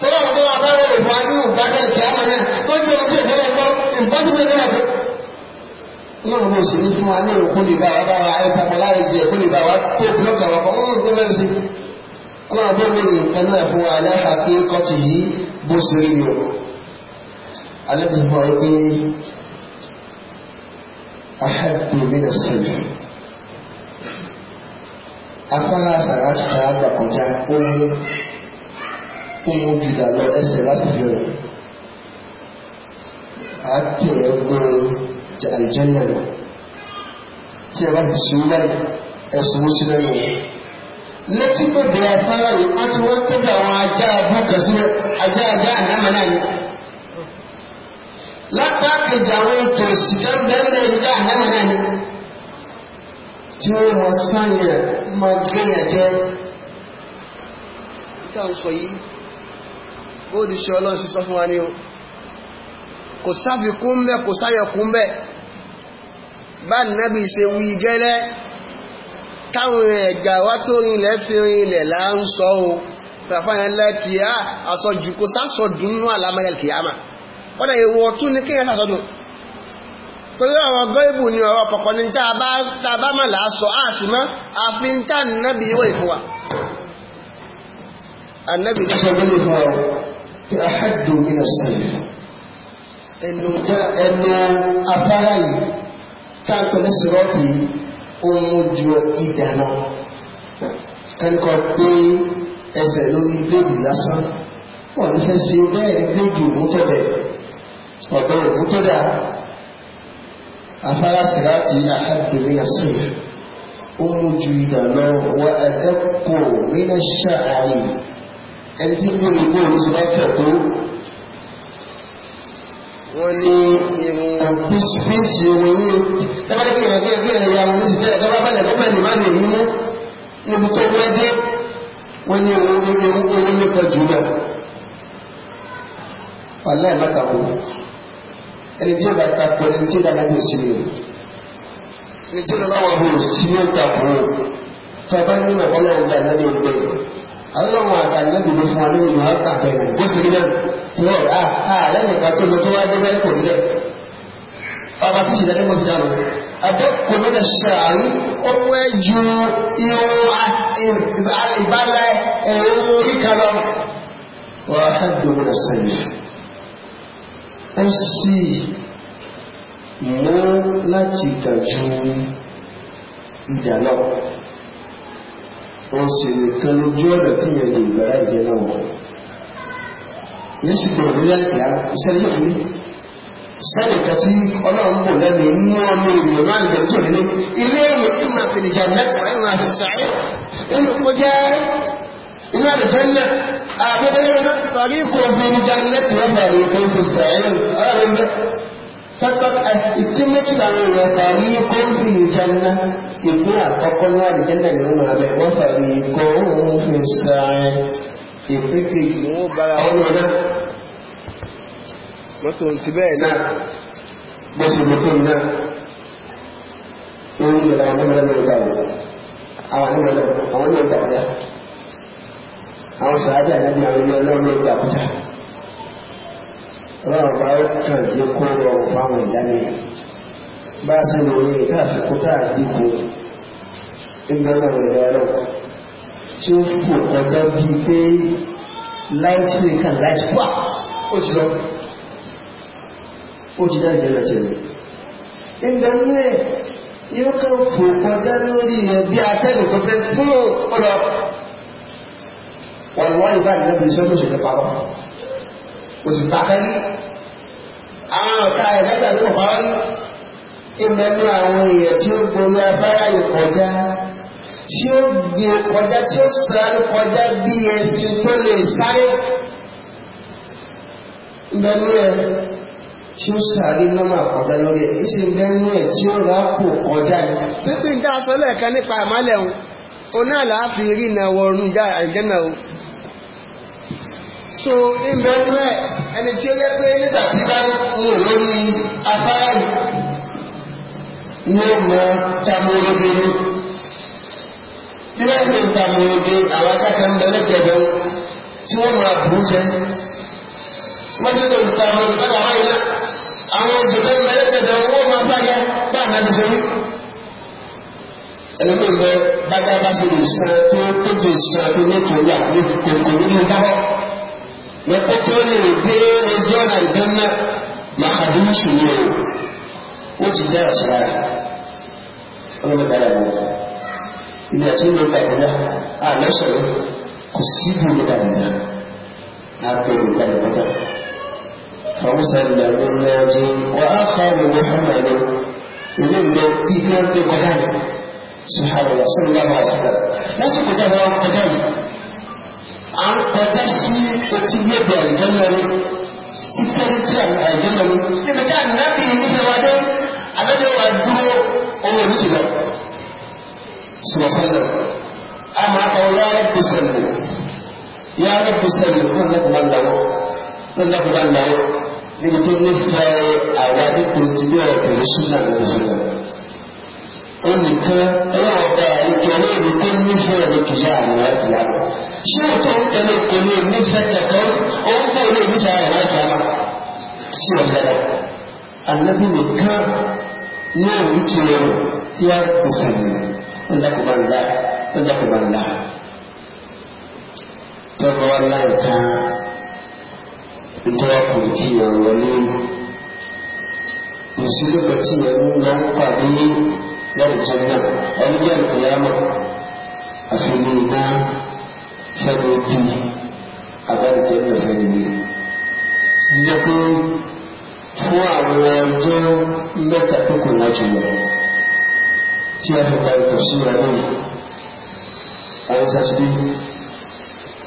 Tọ́lọ́mù tó wà báwọ̀ ìwà ní ìgbàgbọ́ ìkẹ́ àwọn náà, ó jẹ́ ojú ìfẹ́lẹ̀ gbọ́, ìgbàgbọ́ ìfẹ́lẹ̀ gbọ́. Ọlọ́run mo sì ní fún wa ní òkú lè bá wa bá wa ẹ̀pàpọ̀ láìsí ẹ̀kú lè bá wa tó búlọ́ọ̀kì àwọn ọkọ̀ ọ̀hún tó bẹ́ẹ̀ sí. Ọlọ́run bó lè nǹkan náà fún wa aláhàkí kọ́tù yìí bó ṣe rí o. Alẹ́ bí mo rẹ̀ pé, "Ahẹ́bù mi lè sẹ́yìn." afárá sàrà sàrà gbà kọjá ó ní ó mú jùdà lọ ẹsẹ̀ láti fi rẹ̀ á tẹ̀ ẹ́ gbọ́n àlìjẹ́nà lọ tí ẹ bá ti sùn lẹ́yìn ẹ̀sùn sí lẹ́yìn létí bèbè afárá yìí wọ́n ti wọ́n tẹ́jú àwọn ajá abúkà sílẹ̀ ajá ajá àdámà náà ni lápá kejì àwọn ètò ìsìnkà ń bẹ́ẹ̀ lẹ́yìn ajá àdámà tí wọ́n mọ sáyẹn mọ gẹ́yàn jẹ́ níta ń sọ yìí ó di ṣe ọlọ́run sí sọ fún wa ní o kò sáfikún bẹ́ kò sáyẹkún bẹ́ bá nẹ́bí ṣe wí gẹ́lẹ́ táwọn ẹ̀gà wá tó rinlẹ̀ fi rinlẹ̀ là ń sọ o tàfáyàn lẹ́tì á ah, àsọjù kò sásọdùn nínú àlámẹ́lẹ̀ kìyàmà ọ̀dà ìwọ̀ tún ní kéèyàn sásọdùn torí ọ̀rọ̀ gọ́ìbù ni ọ̀rọ̀ pọ̀pọ̀ ní tàbá mà láàsọ àṣìmọ́ àfin tá nàbí ìwọ̀ ìfúwà annabi ti sọ lórí fún ọ pé àhàdù mi nà sọ yìí ẹnu ẹnu afárá yìí káàkó ní sọrọọkì ohun ju ìdá náà kánkọ pé ẹsẹ̀ lórí bébì lásán wọn ní fẹ́ ṣe bẹ́ẹ̀ ní bébì òmùtọdẹ ọdọ òmùtọdà afárá sìráàtì yìí àhàbì nínú sí ó mú ju ìdà lọ wọ ẹ̀dẹ́kọ̀ nínú ṣáàyè ẹni tí bí ìgbó ní sọ́kẹ̀ tó wọ́n ní irun píṣípíṣí irun yìí tẹ́bá ní kéèyàn kéèyàn kéèyàn ya wọn sí tẹ́lẹ̀ tọ́ba bẹ̀rẹ̀ tó bẹ̀rẹ̀ má lè mú níbi tó wẹ́ dé wọ́n ní irun ní irun ní irun nípa jùlọ. wàlẹ́ ẹ̀ má kàwé ẹni tí ó bá ta pọ̀ ẹni tí ó bá lábẹ́ òsínú ẹni tí ó bá wà bó òsínú ta pọ̀ tó ọba ní ọ̀pọ̀ náà ń gbà lábẹ́ ògbẹ́ àwọn àtàlẹ́bí ló fún wa lórí ìlú áta bẹ̀rẹ̀ bó sì rí náà tí wọ́n rà ah, á ah, lẹ́nu ìka tó lọ tó wá dé bẹ́ẹ̀ kò ọwọ́ ẹ̀jú irun ìbálẹ̀ ẹ̀rọ orí kan lọ. wọ́n á fẹ́ gbé sẹ́yìn ẹ sì mú láti dàjú ìdà náà wọ́n sì nìkan lójú ọ̀nà tí yẹn lè gbà láìjẹ náà wọ̀ yẹn sì gbọ́dọ̀ lórí àgbà iṣẹ́ yóò fi sẹ́yìn kan tí ọlọ́run bò lẹ́nu inú ọmọ ènìyàn náà lè jẹ́ òní ilé ìwé tí màá fi lè jà mẹ́ta ìwà àti sàáyé nínú kó jẹ́ inú àlùjẹ́nà àbẹ́bẹ́rẹ́ tọ́lí kò fi ní jánẹ́tì wọ́n bá yẹ kó fi sẹ́yìn ọ̀rẹ́ mi sọ́tọ́ ìtí méjì làwọn èèyàn bá ní kó fi ní jánà ìpín àkọ́kọ́ ní àlùjẹ́nà ní wọn abẹ wọ́n fàbí kó òun fi sẹ́yìn ìpín kejì wọn bára wọn lọ náà mọ́tò ti bẹ́ẹ̀ náà bó ṣe lè fún náà lórí ìlànà ìlànà ìlànà àwọn ìlànà àwọn ìlànà àwọn sàájà náà ní àwọn ilé ọlọ́run ló gbà kúta ọlọ́run bá ó kàn jẹ́ kó rọrùn fáwọn ìdáni bá a sì lò ní ìka àfikúta àdínkù nígbà náà ìlú ọlọ́run tí ó fò kọjá bíi pé láìsí lè kàn láìsí pa ó ti lọ ó ti dá ìgbẹ́ náà tẹ̀lé nígbà náà yóò kàn fò kọjá lórí ẹ̀ bí atẹ́gùn tó fẹ́ fún ọ̀rọ̀ wọ́n wọ́n ìgbà ìlẹ́bìn iṣẹ́ tó ṣẹlẹ̀ parọ́ kò sì pàtẹ́ ní àwọn ọ̀tá ẹ̀lẹ́gbà tó parọ́ ní ìmẹ́nu àwọn èèyàn tí ó gbomi abára yìí kọjá tí ó gbé kọjá tí ó sáré kọjá bí ẹṣin tó lè sáré ìmẹ́nu ẹ̀ tí ó sáré nọ́mà kọjá lórí ẹ̀ kan nípa ìmọ̀lẹ̀ òun onáàlà á fi rí ìnáwó ọ̀run so ìbẹ̀rù ẹ̀ ẹni tí ó yẹ pé nígbà tí bá mú lórí afárá yìí yóò mọ tamoroge ní bí wọ́n ṣe ń tamoroge àwọn akẹ́kọ̀ọ́ ń bẹ lẹ́gbẹ̀ẹ́ tí wọ́n máa bù ú sẹ́ wọ́n ṣe ń tamoroge bá wà wáyé náà àwọn òṣìṣẹ́ ń bẹ lẹ́gbẹ̀ẹ́ wọ́n máa fáyà bá àná ẹlẹ́gbẹ́ ìgbẹ́ bá dábàá sí ìsan tó tó di ìsan tó ní ìtòlú àti ìkòkò nínú dábàá ẹ̀kọ́tọ́lẹ̀ rẹ̀ dé ẹjọ́ ọ̀nà ìdáná màkàdúmùsù ní o ó ti dára sí ra rẹ̀ ọlọ́mọdé ara wọn ilé àti ilé ọgbà ìdá àlọ́ sọ̀rọ̀ kò sí ibi ìdá ìdá àpẹẹrẹ ìdá ìdá fàmúsà ìdá ìdá jẹ wà á fà wọn ní hàmàlẹ ilé ìdá ìdá ìdá kọjá ní sùhàlù lásìkò tá a kọjá yìí à ń kọjá sí etí yébẹ̀ ìjọ́mẹ́rin sí pẹ́ẹ́tì àìjọ́mẹ́rin níbi tá ànábì nífẹ̀ẹ́ wa dé abẹ́dẹ́ wa dúró owó ìlú ti lọ. sùwọ́sẹ́lẹ̀ a máa kọ ya rẹ̀bù sẹ́lẹ̀ ya rẹ̀bù sẹ́lẹ̀ fún ẹ̀kọ́ máa ń dáwọ́ fún ẹ̀kọ́ máa ń dáwọ́ níbi tó nífẹ̀ẹ́ àwọn adékòó ti bí ọ̀rọ̀ pẹ̀lú súnà lọ́wọ́ onìkan ọlọ́ọ̀dà àríkẹ́ ọlọ́ọ̀dù tó nífẹ̀ẹ́ rẹ̀ kìí àrùn láti àná. ṣé òótọ́ ń tẹ̀lé ìpele nífẹ̀ẹ́ kẹ̀kọ́ òun kọ́ ilé ìníṣẹ́ àrùn láti àná. sí ọ̀dàdà alábí nìkan ní òun ti rẹ̀ tí a kò sàmì ọ̀dàkùnbàndà ọ̀dàkùnbàndà. tọ́kọ wa láì ká nítorí ọkùnrin kí ìyàwó ní mùsùlùmí tí ìyàwó ń lọ pàdé lẹ́rìndínlẹ́ ọjọ́ ìpìyàmọ̀ àfihàn iná fẹ́rẹ̀ ojú abájẹ́ ìfẹ́rẹ̀ mi. Ǹjẹ́ pé fún àwọn ọjọ́ mẹ́ta tó kù láti lọ tí a fi pa ìtọ̀ sí ìrọ̀lẹ́ yìí àwọn sátidé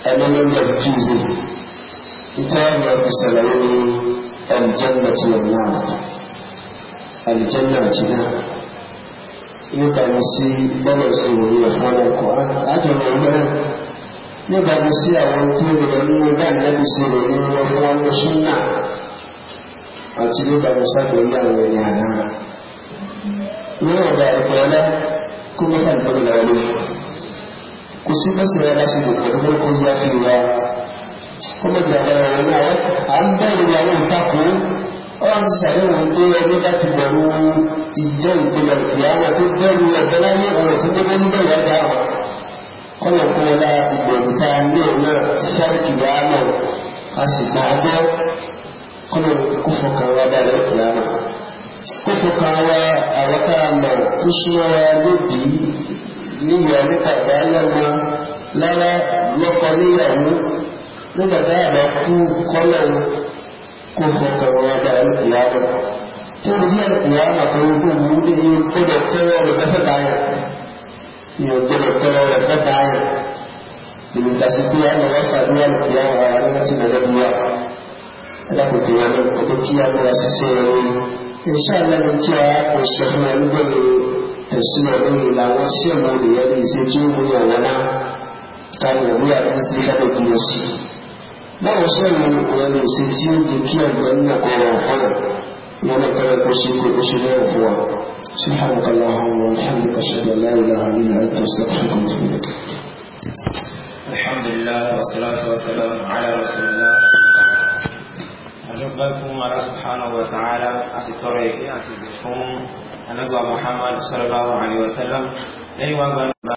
ẹni lórí ẹ̀dùjúzé ìta ẹ̀rọ ìṣẹ̀lẹ̀ ní ẹ̀lìjẹ́ àti ọ̀nà àti náà níbàámu sí bọ́lọ̀ sí òye ẹ̀fọ́ lẹ́kọ̀ọ́ àjọyọ̀ lẹ́rẹ̀ níbàámu sí àwọn tó lè lọ nínú ìdánilẹ́bi sí rẹ̀ nínú ọmọ ọmọ súnà àti níbàámu sábẹ̀lẹ́ àwọn ẹ̀yà náà. Ní ọ̀dà ẹ̀kọ́ ẹ̀lá kó mẹ́fà lórí lọ́wọ́ kò sí fẹ́sẹ̀ ẹ̀lá sí ìdòkò tó kó yá fi wá. Kó mẹ́jọ àwọn ẹ̀rọ náà à ń bẹ̀rù ọlọ́run ti ṣàyẹ̀wò pé ẹni láti bẹ̀rù ìjọ ìpínlẹ̀ ìyáwó tó bẹ̀rù ẹ̀bẹ̀ láyé ọ̀rọ̀ tó gbogbo ní bẹ̀rù ẹ̀dá ọ̀ ọ̀rọ̀ kan la ìbẹ̀rù tá a lé náà sáré kìlá náà a sì máa gbọ́ ọ̀rọ̀ kó fọkàn wa dá lẹ́yìn kìlá náà kó fọkàn wa àwọn tá a mọ̀ tó súnmọ́ wa lóbi níyà nípa ìdáyàmọ lára lọ́kọ níyàwó nígbà tá a bá kú kọ́lọ́run ကိုယ်ကိုယ်တော်ရတယ်တရားတော့သူကြီးကတရားမှာသူတို့မူတည်ကိုယ်တော်တော်ရတဲ့သက်တာရဲ့ဒီကိုယ်တော်တော်ရတဲ့သက်တာရဲ့ဒီတသတိရနဲ့ဆက်ရတဲ့တရားဟာလည်းသိတဲ့တရားအဲ့ဒါကိုတရားနဲ့ကိုကြည့်ရတဲ့ဆက်စေအင်ရှာအလ္လာဟ်ကြာကိုဆက်မှန်လို့တရှိရလို့လာဝဆက်မှုတွေရဲ့စေကျိုးမှုရဝနာတာကိုမြတ်အစ်စီတဲ့ကိုရှိ báwo sọ́ọ̀nù ẹnu sí tí ó di kí ẹ̀gbẹ́ ní ọ̀pọ̀lọ̀ ọ̀fọ́lẹ̀ wọn lọ kọ́lẹ̀ kó sí kó sí lẹ́wọ̀ fún wa سبحانك اللهم وبحمدك اشهد ان لا اله الا انت استغفرك واتوب اليك الحمد لله والصلاه والسلام على رسول الله adúgbò fún ara subhanahu wa ta'ala àti tọrọ ìké àti ìgbè fún anagba muhammad sallallahu alaihi wasallam lẹ́yìn wá gbọ́nà